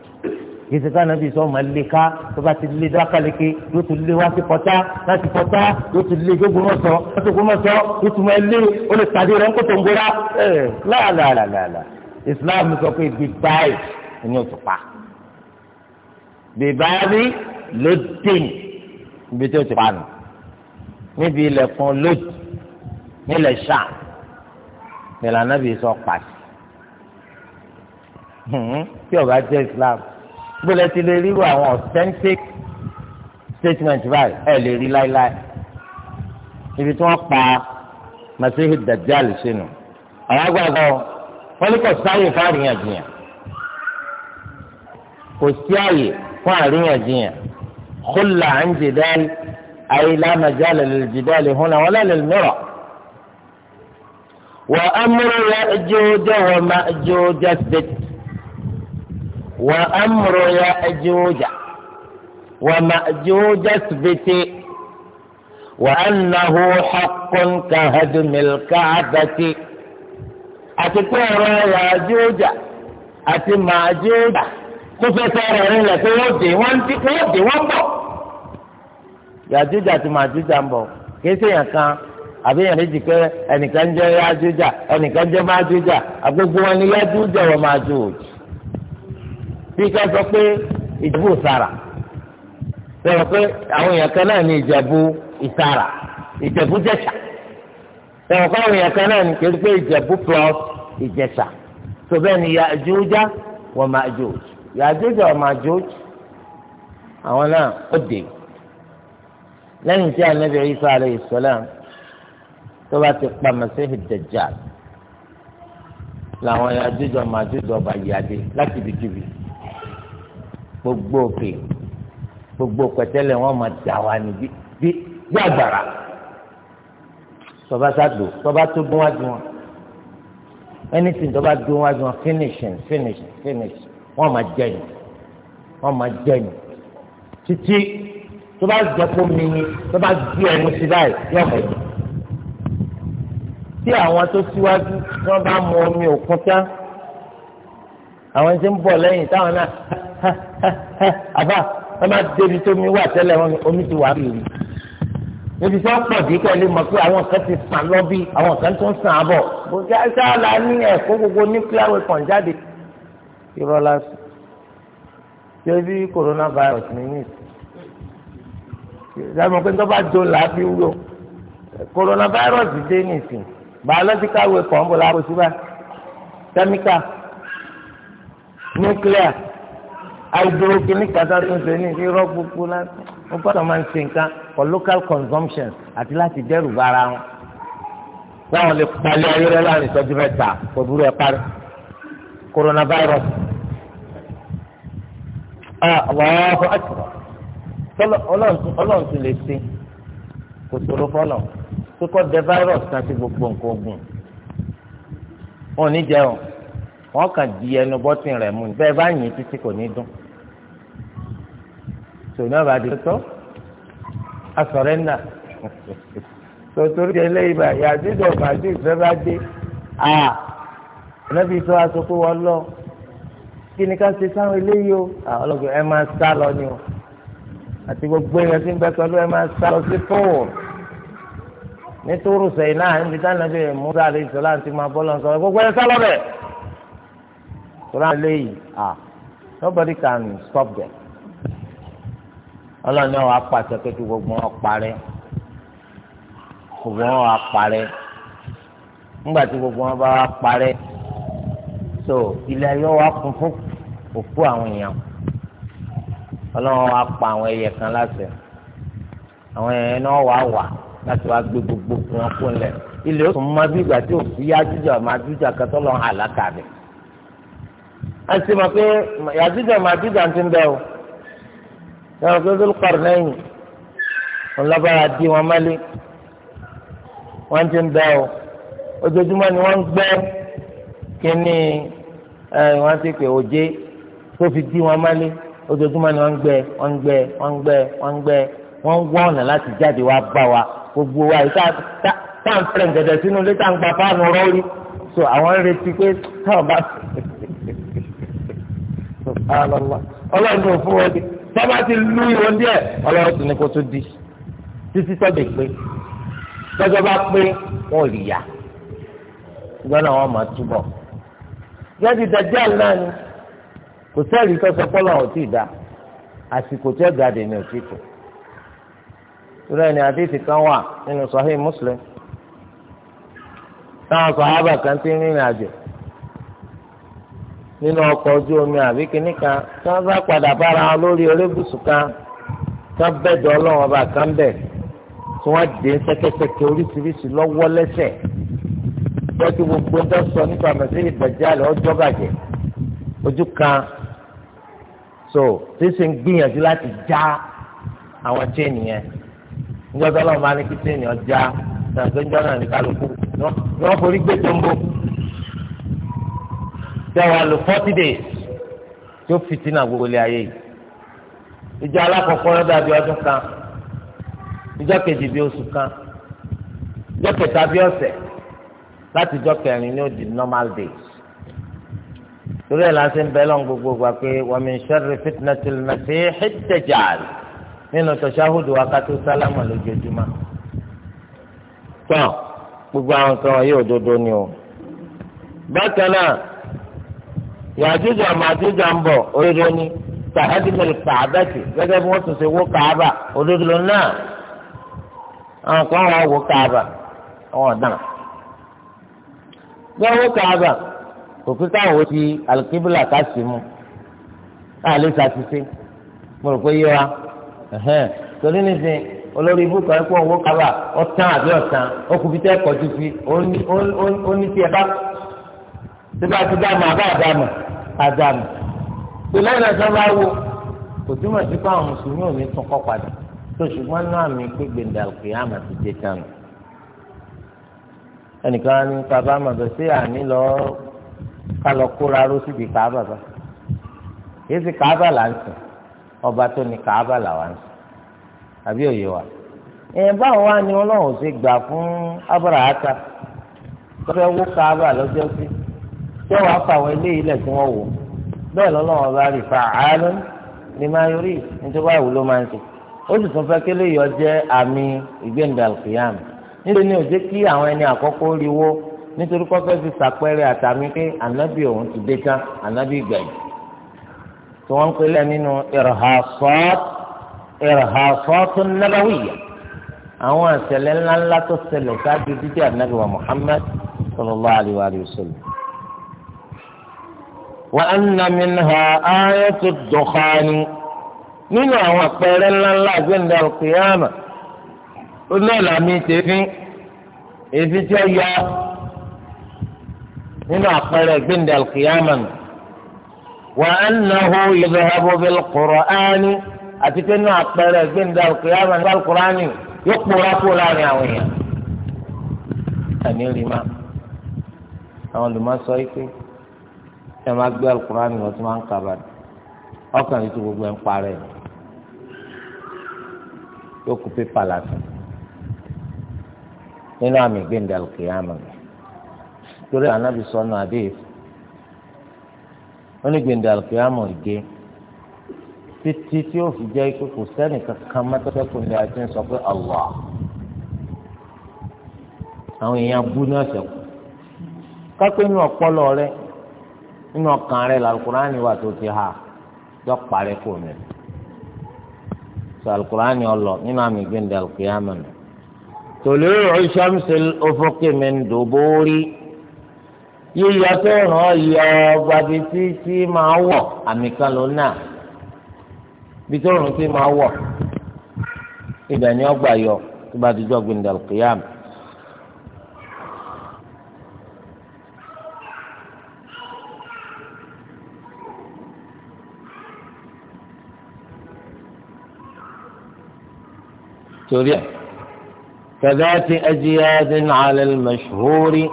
kìsì káná bíi sọ́ọ́ máa lé ká tó bá ti lé dákàlẹ́kẹ́ yóò tún lé wá sí pọ́tá láti pọ́tá yóò tún lé gbógbómọ̀sọ́ láti gbógbómọ̀sọ́ yóò tún máa lé o lè pàdé rẹ̀ ń kó tó ń gbéra ẹ̀ láàlàlàlà Islam sọ pé bíi báyìí ni ó tún pa bíi báyìí ló dín ibi tó ti pa nù níbi ilẹ̀kùn lódì nílẹ̀ ṣáà ìlànà bíi sọ pàṣẹ tí ọba jẹ́ Islam gbọ́dọ̀ ti lè ríru àwọn authentic statement báyìí ẹ̀ lè rí láíláí ibi tí wọ́n pa Masihi Dajjal sínú àwọn agbàgbọ́ wọn ní kò sáàyè fún àríyànjiyàn kò sí àyè fún àríyànjiyàn khulla an jidal ay la majala lil jidal huna wala lil mira wa amru ya'juj wa ma'juj sabt. وأمر يأجوج ومأجوج اثبت وأنه حق كهدم الكعبة أتكون يأجوج أتمأجوج تفتر إلى تودي وانت تودي وانت yàjújà tí màjújà ń bọ̀ kéésì yẹn kan àbí yẹn lè jìkẹ́ ẹnìkan jẹ́ yájújà ẹnìkan jẹ́ májújà àgbogbo wọn ni yájújà wọ́n máa jù òjì bí ká sọ pé ìjẹ̀bú sára sọ pé àwọn èèyàn kan náà ní ìjẹ̀bú ìsára ìjẹ̀bú jẹ̀ṣà sọ pé àwọn èèyàn kan náà ní kéde pé ìjẹ̀bú plus ìjẹ̀ṣà tó bẹ́ẹ̀ ni Yájújà wa Májújà Yájújà wa Májújà àwọn náà ó dé lẹ́yìn tí Ànábì Ìsá alayhi salam tó bá ti pa Masihi Dajjal làwọn Yájújà wa Májújà ọba yíyá dé láti ibikíbi gbogbo òkè gbogbo pẹ̀tẹ́lẹ̀ wọn máa dà wá ní bí bí àgbàrá tọba sàdó tọba tó dún wájú wọn anything tọba dún wájú wọn finishing finishing finish wọn máa jẹyìn wọn máa jẹyìn títí tọba jẹpọ mímí tọba gbé ẹnu sí báyìí yóò mọ ẹ̀yìn tí àwọn tó síwájú tí wọn bá mu omi òkun àwọn tí ń bọ̀ lẹ́yìn táwọn náà àbá wọn máa débi tó mi wà tẹ́lẹ̀ wọn omi ti wà mí níbi tí wọn pọ̀ dé kẹ́lẹ́ mọ̀ pé àwọn kan ti sàn lọ bí àwọn kan tó ń sàn àbọ̀ bóyá sáàlà ní ẹ̀kọ́ gbogbo nuclear weapon jáde irọ́ lásán ṣé bí coronavirus ní ní ìsìn ìdájọ́ pé tó bá jó làábí wúlò coronavirus dé ní ìsìn biological weapon ń bọ̀ lápò síbá chemical nuclear àìdúró kìíní kàtà tó ń ṣe ní irọ́ gbogbo láti wọ́n gbọ́dọ̀ máa ń ṣe nǹkan for local consumption àti láti dẹ́rù bara wọn. báwọn lè palẹ̀ ayọ́rẹ́ láàrin ìtọ́jú mẹ́ta kò burú ẹ̀ parí coronavirus. Ah, ọlọ́run ti lè ṣe kò sòro fọlọ́ pé kọ́ dẹ virus kan sí gbogbo nǹkan ogun wọn ò ní jẹun wọn kàn di ẹnu bọ́tìn rẹ̀ mú bẹ́ẹ̀ bá yìn títí kò ní dùn tò náà bá di tọ́ asọ̀rẹ́ndà tó torí ẹlẹ́ ibà yàtí ìdọ̀fà tí ìfẹ́ bá dé à ẹlẹ́bi tó aṣọ pé wọ́n lọ kí ni ká ṣe sáwọn eléyìí o ọlọ́gbìn ẹ máa sá lọ ni o àti gbogbo èèyàn tí ń bẹ pẹ̀lú ẹ máa sá lọ sí tóòrù nítorí sẹ́yìn náà níbi táwọn ẹbí Musa àlejò sọlá ti máa bọ́ lọ́nà sọ̀rọ̀ gbogbo ẹ sá lọ bẹ̀ tó rà léyìí à nobody can stop them ọlọ́run náà wàá pàṣẹ pé kí gbogbo wọn parẹ́ gbogbo wọn wàá parẹ́ nígbà gbogbo wọn bá parẹ́ so ilẹ̀ yóò wá kún fún òkú àwọn èèyàn ọlọ́run wàá pa àwọn ẹyẹ kan láṣẹ àwọn ẹyẹ náà wàá wà láti wàá gbé gbogbo wọn kó lẹ̀ ilẹ̀ yóò tún mọ́ bí ìgbà tí òkú yá jíjà máa jíjà kẹtọ́ lọ́n àlákà rẹ̀ a ti mọ̀ pé yàjíjà máa jíjà ti ń bẹ́ o ẹ̀rọ gbẹ́dọ̀ kọ̀rọ̀ lẹ́yìn wọn lábára di wọn mọ́lé wọn ti ń bẹ ọ ojoojúmọ́ ni wọ́n ń gbẹ́ kínní ẹ̀ wọ́n ti pè òjé tó fi di wọn mọ́lé ojoojúmọ́ ni wọ́n ń gbẹ́ wọ́n ń gbẹ́ wọ́n ń gbẹ́ wọ́n ọ̀nà láti jáde wá bá wa gbogbo wa yìí tá à pẹ̀lẹ̀ gẹ̀dẹ̀ sínú ilé ń gba fáànù rọ́ọ̀lì so àwọn ń retí pé táwọn bá sọ̀rọ̀ ọlọ́run ò fún wọn dé tọ́ba ti lu ìwọ díẹ̀ ọlọ́run sì ní kó tó di títí tọ́jú pé tọ́jọ́ bá pé wọn ò lè yá ìgbà náà wọ́n máa túbọ̀ jáde dájá náà ni kò sẹ́ẹ̀lì tó sọ pọ́lọ́ ọ̀tí ìdá àsìkò tí ọ̀gá dè ní òtí tó torí ẹni àdéhìí kan wà nínú Sahih Muslim táwọn sọ ábà kan ti ń rìnrìn àjò nínú ọkọ̀ ojú omi àbí kínní kan tí wọ́n bá padà bára wọn lórí orébùsùn kan tí wọ́n bẹ̀dọ̀ ọlọ́run ọba kan bẹ̀ tí wọ́n dé sẹ́kẹ́sẹ́kẹ́ oríṣiríṣi lọ́wọ́ lẹ́sẹ̀ lọ́jọ́ gbogbo ń dọ́sọ nípa mẹ́sìlì dàjálẹ̀ ọjọ́ bàjẹ́ ojú kan so tí sì ń gbìyànjú láti já àwọn chain yẹn níjọ́ tó lọ́wọ́ máa ní kí chain yẹn já tàbí níjọ́ náà ní kálukú ní wọ́n forí gbé tó ń bọ̀ tẹwàá lò forty days tó fìtínà gbogbo ilé ayé yìí ìjọ alákọ̀ọ́kọ́ ló dàbí ọdún kan ìjọ kejì bí oṣù kan ìjọ kẹta bí ọ̀sẹ̀ láti ìjọ kẹrin ní òdì normal days torí ẹ̀ la ṣe ń bẹ lọ́n gbogbo gbà pé wa min sharri fitnatil masihid dajjal nínú tọ́ṣáhùdù wákàtí sálámà lójoojúmọ́ tán gbogbo àwọn kan yóò dodo ni o bákan náà. yàjújù àmàjújù à ń bọ̀ òdodo ni kàhádìmẹ̀ kàbẹ́tì gẹ́gẹ́ bí wọ́n tún ṣe wó kàába òdodo náà àwọn kan wọ́n wó kàába àwọn ọ̀daràn. bí wọ́n wó kàába kò kí káwọn ti alikibula ká sí mu káàlẹ́ mo rò pé yé wa torí olórí síbi àti dàmú àbá àdàmú àdàmú ìlú ẹ̀rọ ẹ̀sán bá wò kò túmọ̀ sí pé àwọn mùsùlùmí ò ní tún kọ́ padà tó ṣùgbọ́n náà mi pé gbèǹdà òkè àmà ti dé tán ẹnìkan ní bàbá màbẹ sí àní lọ ká lọ kóra ró síbi kàábà bá kìí sí kàábà là ń sìn ọba tó ní kàábà là wà ń sìn àbí òye wa ẹ̀ báwo wá ni ọlọ́run ṣe gbà fún abúlé àtà tó wó kàábà lọ́jọ́ sí yóò wá fàwọn eléyìí lẹ̀ tí wọ́n wò bẹ́ẹ̀ lọ́lọ́wọ́ bá rí fàáàlú ni máa yọrí nítorí báwo ló máa ń ṣe ó sì tún fẹ́ kí eléyìí ó jẹ́ àmì ìgbéǹdàlùkìyàmù nítorí ní ó jẹ́ kí àwọn ẹni àkọ́kọ́ ríwó nítorí kọ́ fẹ́ fi sàpẹ́rẹ́ àtàmì pé ànábì òun ti dé tán ànábì gbẹ̀yìn tí wọ́n ń pè nínú irhasat irhasatun àwọn àṣẹlẹ̀ ńláńlá tó ṣẹlẹ̀ ṣáájú وأن منها آية الدخان nínú àwọn àpẹẹrẹ ńláńlá àgbẹ̀ǹda òkèèyàmà ó náà làmì tèéfín èéfín tí ó ya nínú àpẹẹrẹ àgbẹ̀ǹda òkèèyàmà nù. wà á nàhó yadhabu bil Qur'ani àti pé nínú àpẹẹrẹ àgbẹ̀ǹda òkèèyàmà nínú Al-Qur'ani yóò kóra kó láàrin àwọn èèyàn. àní rí ma àwọn olùmọ̀ sọ yìí pé ẹ máa gbé alukóra ni wọ́n ti máa ń kábàdì ọkàn yìí tó gbogbo ẹ̀ ń parẹ́ yóò kú pépà lásán nínú àmì gbẹ̀ndẹ̀ alukóyàmù rẹ̀ torí ànábì sọnù àdéhìí wọ́n ní gbẹ̀ndẹ̀ alukóyàmù ìdè títí tí ó fi jẹ́ pé kò sẹ́nì kankan mẹ́tọ́tẹ́kùn ní àti ń sọ pé Allah àwọn èèyàn bú ní ọ̀sẹ̀ kù kápẹ́ inú ọpọlọ rẹ̀ nínú ọkàn rẹ làlùkùránì wà tó ti ha yọ parẹ́ kò mẹ sọ àlùkùránì ọlọ nínú àmì gbẹndẹ àlùkìyàmẹ nù. tòlú ìṣàmùsẹ ọfọkẹmẹ ń dòbó rí yíyọ tó ràn yọ gbàdí tí tí máa wọ àmì kan ló náà bí tó rùn tí máa wọ ibẹ̀ ni ọgbà yọ tó bá dijọ gbẹndẹ àlùkìyàmẹ. الشريع كذات أجياد على المشهور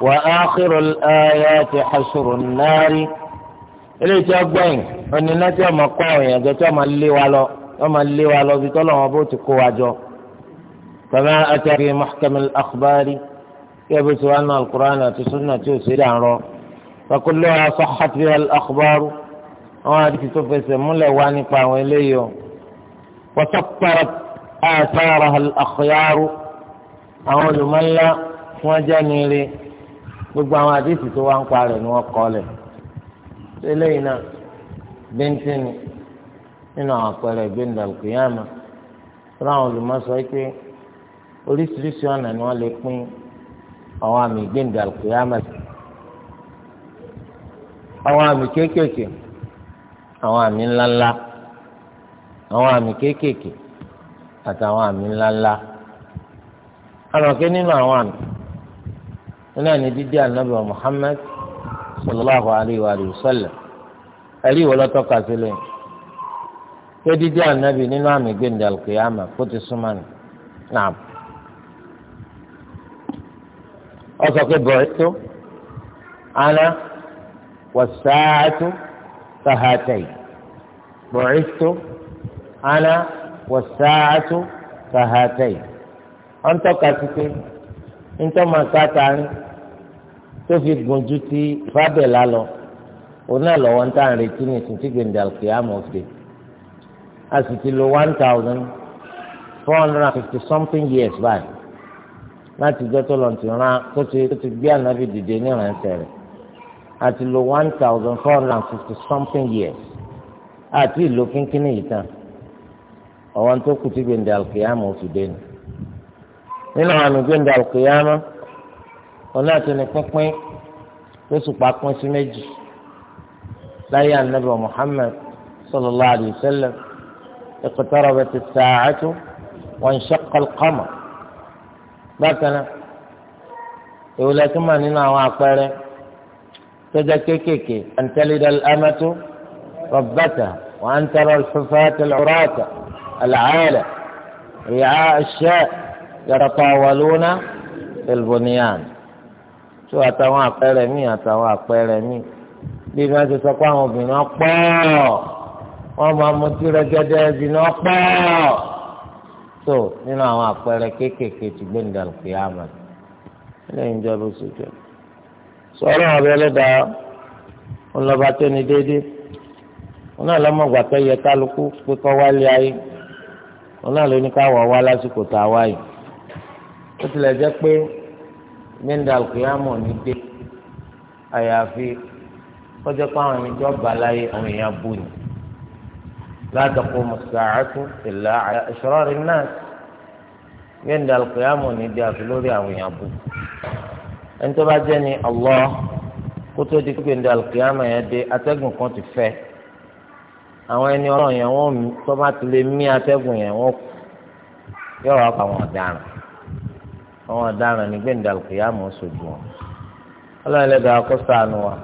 وآخر الآيات حشر النار إلي تابعين أن الناس يوم قوي يوم اللي والو يوم اللي والو بيطلعوا أبوتي قواجو فما أتى في محكم الأخبار يبث أن القرآن والسنة يسير عن رو فكلها صحت بها الأخبار وهذه تفسر ملوان فاوليو وسطرت آثارها الأخيار أقول من لا وجنيري gbogbo àwọn àdéhùn tó wá ń parẹ ni wọn kọ lẹ eléyìí náà bíntín ni nínú àwọn àpẹẹrẹ ìgbéǹdàlùkìyàmà tó láwọn olùmọ̀sọ pé oríṣiríṣi ọ̀nà ni wọ́n lè pín àwọn àmì ìgbéǹdàlùkìyàmà sí àwọn àmì kéékèèké àwọn àmì ńláńlá àwọn àmì kéékèèké àtàwọn àmì ńláńlá àmọ̀ké nínú àwọn àmì nínú àmì dídí ànábì Muhammad sallallahu alayhi wa sallam ẹ̀rí ìwọ lọ́tọ́ kásílẹ̀ pé dídí ànábì nínú àmì gbẹ̀ndẹ̀ alùkìyàmà kó ti súnmọ́ ni náà sọ pé bọ̀ ana wasaatu sahatai bọ̀ ana. wọ̀sáàtú kàhátẹ́yì wọ́n tọ́ka sí pé ńtọ́ máa ká taari tó fi gùn ju ti fábẹ́lá lọ òun náà lọ́wọ́ ń tà ń retí ní ìsìn tí gbèǹdàlùkì àmọ́ fi a sì ti lo one thousand four hundred and fifty something years báyìí láti jẹ́ tó lọ́n ti rán tó ti tó ti gbé ànábì dìde ní ìrànṣẹ́ rẹ̀ a ti lo one thousand four hundred and fifty something years àti ìlò kínkínní yìí tán. àwọn tó kù tí gbèǹde àlùkìyàmù ò fi dé ni nínú àwọn àmì gbèǹde àlùkìyàmù wọn náà ti ní pínpín tó sùpà pín sí méjì láyé ànábì muhammed sallallahu alayhi wa sallam iqtarabat as-sa'atu wa wọn ṣe qamar bákan ìwúlẹ̀ tó máa nínú àwọn àpẹẹrẹ tẹ́jà kéékèèké an talida al-amatu rabbataha wa an tara al العالة رعاء الشاء يتطاولون في البنيان tó àtàwọn àpẹẹrẹ míì àtàwọn àpẹẹrẹ míì bí wọ́n ti sọ pé àwọn obìnrin ọ̀pọ̀ wọ́n máa mutí rẹgẹdẹ obìnrin ọ̀pọ̀ tó nínú àwọn àpẹẹrẹ kéékèèké ti gbẹ̀ǹdàlùkì àmà lẹ́yìn ìjọba oṣooṣù sọ̀rọ̀ àwọn ọ̀bẹ́lẹ́dàá ńlọba tó ní déédéé wọn náà lọ́mọ̀gbà tó yẹ kálukú pé kọ́ wálé ayé wọn náà ló ní ká wọ̀ wá lásìkò tá a wá yìí ó tilẹ̀ jẹ́ pé nígbà kìámọ̀ ní dé àyàfi kọjá pé àwọn ẹnìjọ́ balaye àwọn èèyàn bù ní látàkó mùsàáàtú ìlà ìṣòrọ̀rì náà nígbà kìámọ̀ ní dé àfi lórí àwọn èèyàn bù ẹni tó bá jẹ́ ni Allah kótó di pé nígbà kìámọ̀ yẹn dé atẹ́gùn kan ti fẹ́ àwọn ẹni ọlọ́run yẹn wọ́n tó bá ti lè mí atẹ́gùn yẹn wọ́n yọ̀rọ̀ ọkọ̀ àwọn ọ̀daràn àwọn ọ̀daràn ní gbẹ̀ndàlùkù yá mọ̀ sojú wọn. ọlọ́run ẹlẹ́dàá kó sànù wa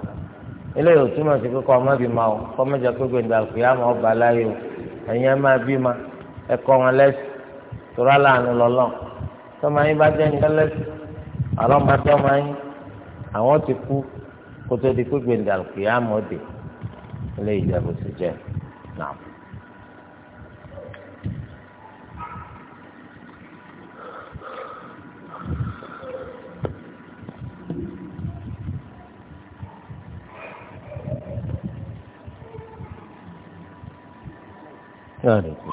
eléyìí ò túmọ̀ sí kíkọ́ ọmọ bíi ma o kọ́ mẹ́jọ pé gbẹ̀ndàlùkù yá mọ̀ ọba láyé o ẹ̀yin ẹ máa bí ma ẹ kọ́ wọn lẹ́sì torá láàánú lọ́lọ́ tọ́mọ náà. Got it.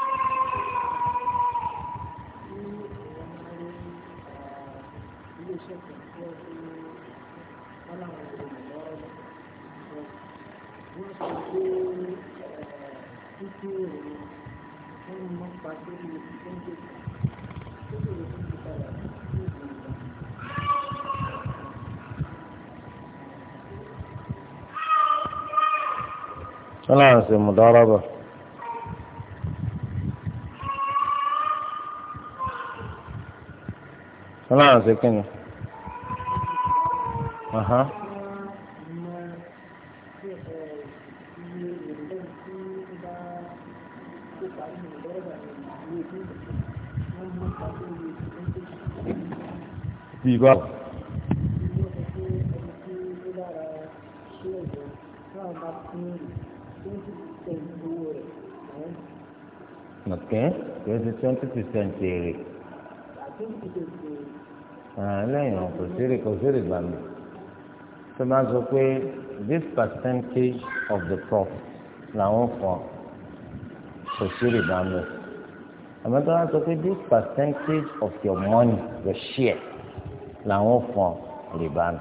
wọn náà sì mú dọ́rọ́bà. wọn náà sì kí ni. Bí báwo. kẹ́ kìí ṣe twenty percent èrè lẹ́yìn kò sírì kò sírì gbà mí tó máa sọ pé this percentage of the profit làwọn fọ kò sírì gbà mí àmọ́ tó máa sọ pé this percentage of your money the share làwọn fọ rìbá mi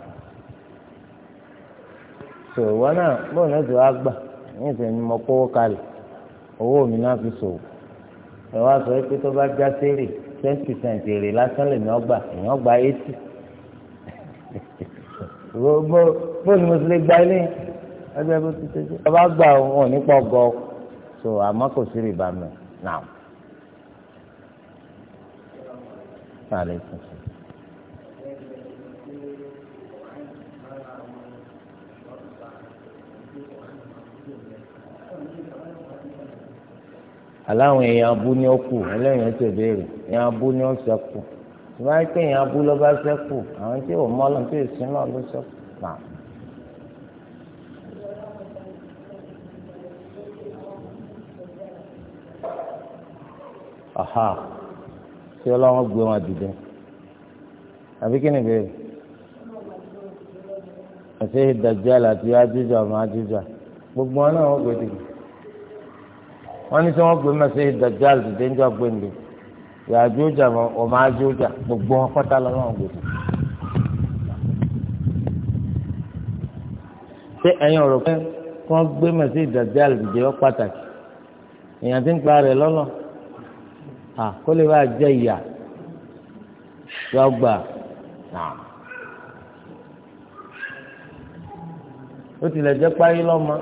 so wọn náà bóun náà ti wá gbà ní ìsẹ̀yìn mọ́ kówó kalẹ̀ owó mi náà fi ṣòwò ẹ wá sọ pé tó bá já sérè ten percent èrè lásán lèmi ọgbà èèyàn gba eighty gbogbo bóyá mo ti lè gba ilé ẹgbẹ́ bó ti tẹ́jú. ọba gbà wọn ò ní so àmọ́ kò sí rìbá mi náà. Aleykum aláwọn èèyàn abú ni ó kù ẹlẹ́yìn tó béèrè èèyàn abú ni ó sẹ́kù ìwà pé èèyàn abú ló bá sẹ́kù àwọn tí ò mọ́ lọ́n tó ìsìn náà ló sẹ́kù náà. aha tí ọlọ́wọ́n gbé wọn dìde àbí kí ni bẹ́ẹ̀ àti ìdàjẹ́ àti àjíjà ọmọ àjíjà gbogbo wọn náà wọ́n gbé dìde wọ́n ní tí wọ́n gbé mẹ́sẹ̀ dajal dìde ńjọ́ gbẹ̀ndé yàjójà ọmọ àjójà gbogbo wọn pátá lọ́wọ́ gbèsè. ṣé ẹ̀yin ọ̀rọ̀ pé kí wọ́n gbé mẹ́sẹ̀ dajal dìde wọ́n pàtàkì èèyàn ti ń pa rẹ̀ lọ́nà à kó lè bá jẹ ìyà yọ gbà náà. ó tilẹ̀ jẹ́ páyé lọ́mọ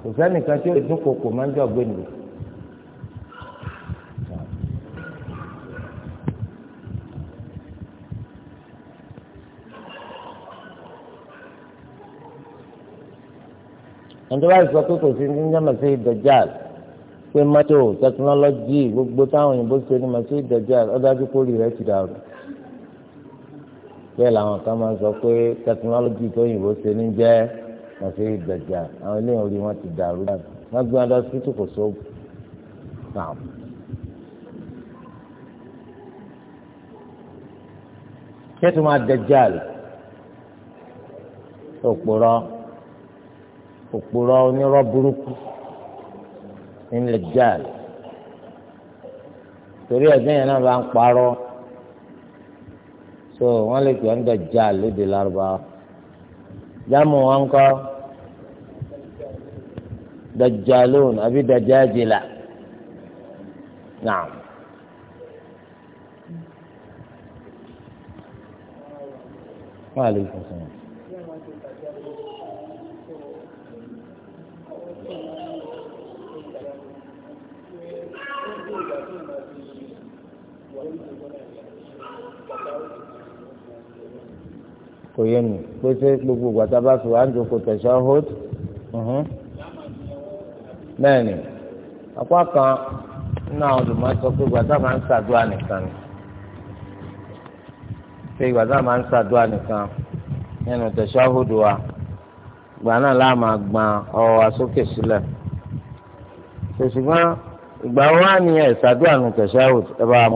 kò sẹ́nìkan tí ó dúnkokò máa ń jọ gbẹ̀ndé. ẹni tó bá sọ pé kò sí ní jẹ́mọ̀sí dajjal pé mọ́tò tẹkinọ́lọ́jì gbogbo táwọn òyìnbó ṣe ní mọ́tò dajjal ó dájú pé orí rẹ̀ ti dàrú. bẹ́ẹ̀ làwọn kan máa sọ pé tẹkinọ́lọ́jì tó òyìnbó ṣe ní jẹ́ mọ́tò dajjal àwọn ilé orí wọn ti dàrú dàrú wọ́n gbé wọn lọ sí tòkò sóògùn náà. ṣé tó máa dajjal òpòrọ́ òpùrọ́ onírọ́ burúkú nílẹ̀ jáde torí ẹgbẹ́ yẹn náà bá ń parọ́ so wọ́n lè pè ọ́ ń dẹ̀ jáde lóde lárúbáwá jámù wọn kọ́ dajjalun àbí dajajila naam. Wa alaikum salaam. kò yé mi pé ṣé gbogbo gbàtà bá fi wá ń jókòó tẹ̀sán hold mhm. bẹ́ẹ̀ ni apá kan nínú àwọn olùmọ̀ sọ pé gbàtà máa ń ṣàdúrà nìkan ni pé gbàtà máa ń ṣàdúrà nìkan nínú tẹ̀sán hold wa gbà náà láà máa gbọn ọwọ́ wa sókè sílẹ̀ ṣùgbọ́n ìgbà wa ni ẹ̀ ṣàdúrà nù tẹ̀sán hold ẹ bá wa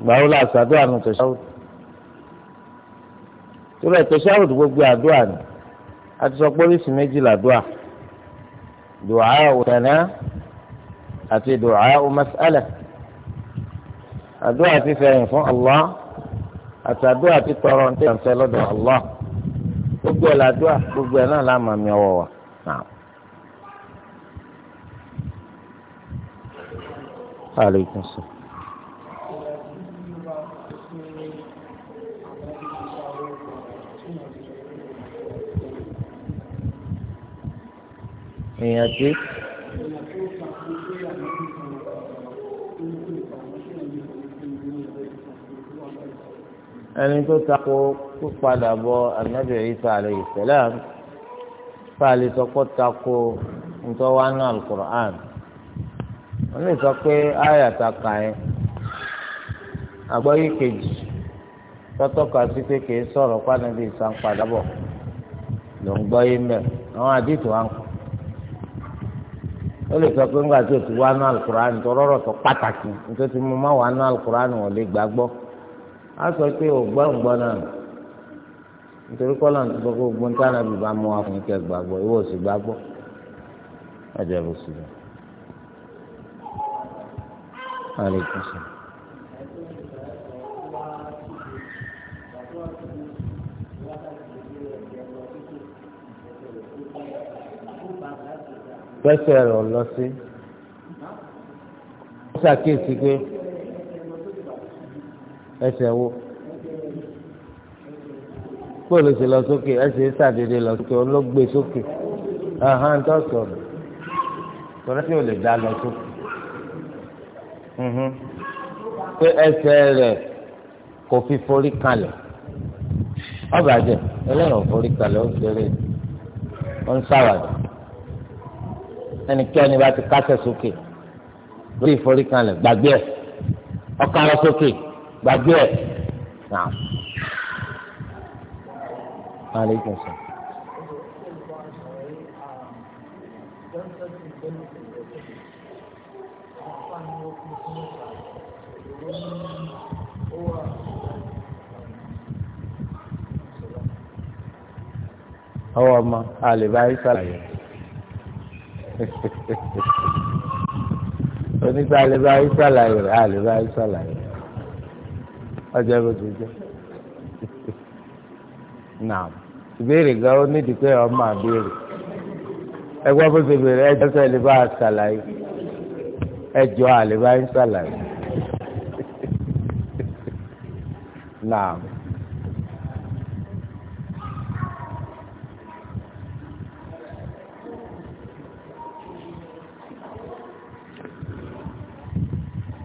mọ́ wo la ṣàdúrà nù tẹ̀sán hold torí ẹ̀ tẹ̀síwájú tó gbogbo àdúrà ni a ti sọ pé oríṣi méjì làdúrà dùhà òtẹ̀nà àti dùhà òmásálẹ̀ àdúrà ti fẹ̀yìn fún Allah àti àdúrà ti tọrọ ní ìyànfẹ́ lọ́dọ̀ Allah gbogbo ẹ̀ làdúrà gbogbo ẹ̀ náà láàmà mi ọwọ́ wa. Aleykum salaam. èèyàn tí. ẹni tó takò pípadà bọ ànábì Ìsá alayhi salam fàlẹ́ sọ́kọ́ takò ntọ́wánú alukur'an wọ́n lè sọ pé ayàtà kàn yín àgbọ́yé kejì tọ́tọ́ka sí pé kìí sọ̀rọ̀ pàdánù bíi sanpadàbọ̀ ló ń gbọ́ yín bẹ́ẹ̀ àwọn àdìtò wa ń ó lè sọ pé ńgbà tí o ti wá nù alukurani tọrọ rọ sọ pàtàkì nítorí tí mo má wà nù alukurani wọn lè gbàgbọ́ á sọ pé o gbọ́ ń gbọ́ náà nítorí kọ́lá ń tọ́ kó gbọ́n tí anábì bá mú wa fún kẹ́ gbàgbọ́ ìwọ ò sì gbàgbọ́ ọjọ́ ìbùsùn. pẹ́sẹ̀ rẹ̀ ọ lọ sí ó ṣàkíyèsí pé ẹsẹ̀ wo bóòlù sì lọ sókè ẹsẹ̀ sàdédé lọ sókè olóògbé sókè ahán tó sọ̀rọ̀ tọ́lá tí ò lè dá lọ sókè mhm. pé ẹsẹ̀ rẹ̀ kò fi forí kalẹ̀ ọ̀bàjẹ́ ẹlẹ́yìn forí kalẹ̀ ó ṣeré ó ń sáwàdà ẹnikẹ́ni bá ti kásẹ̀ sókè lórí ìforíkanlẹ̀ gbàgbé ẹ̀ ọkàrọ̀ sókè gbàgbé ẹ̀ náà. Aleykum salaam. ọwọ́ ọmọ àlè báyìí sàlàyé. onígbà àlebá ìsàlàyé rẹ àlebá ìsàlàyé rẹ ọjọ́ bó ti jẹ́ náà ìbéèrè gan ó nídìí pé ọmọ àbéèrè ẹgbẹ́ bó ti béèrè ẹjọ́ sọ àlebá ìsàlàyé ẹjọ́ àlebá ìsàlàyé náà.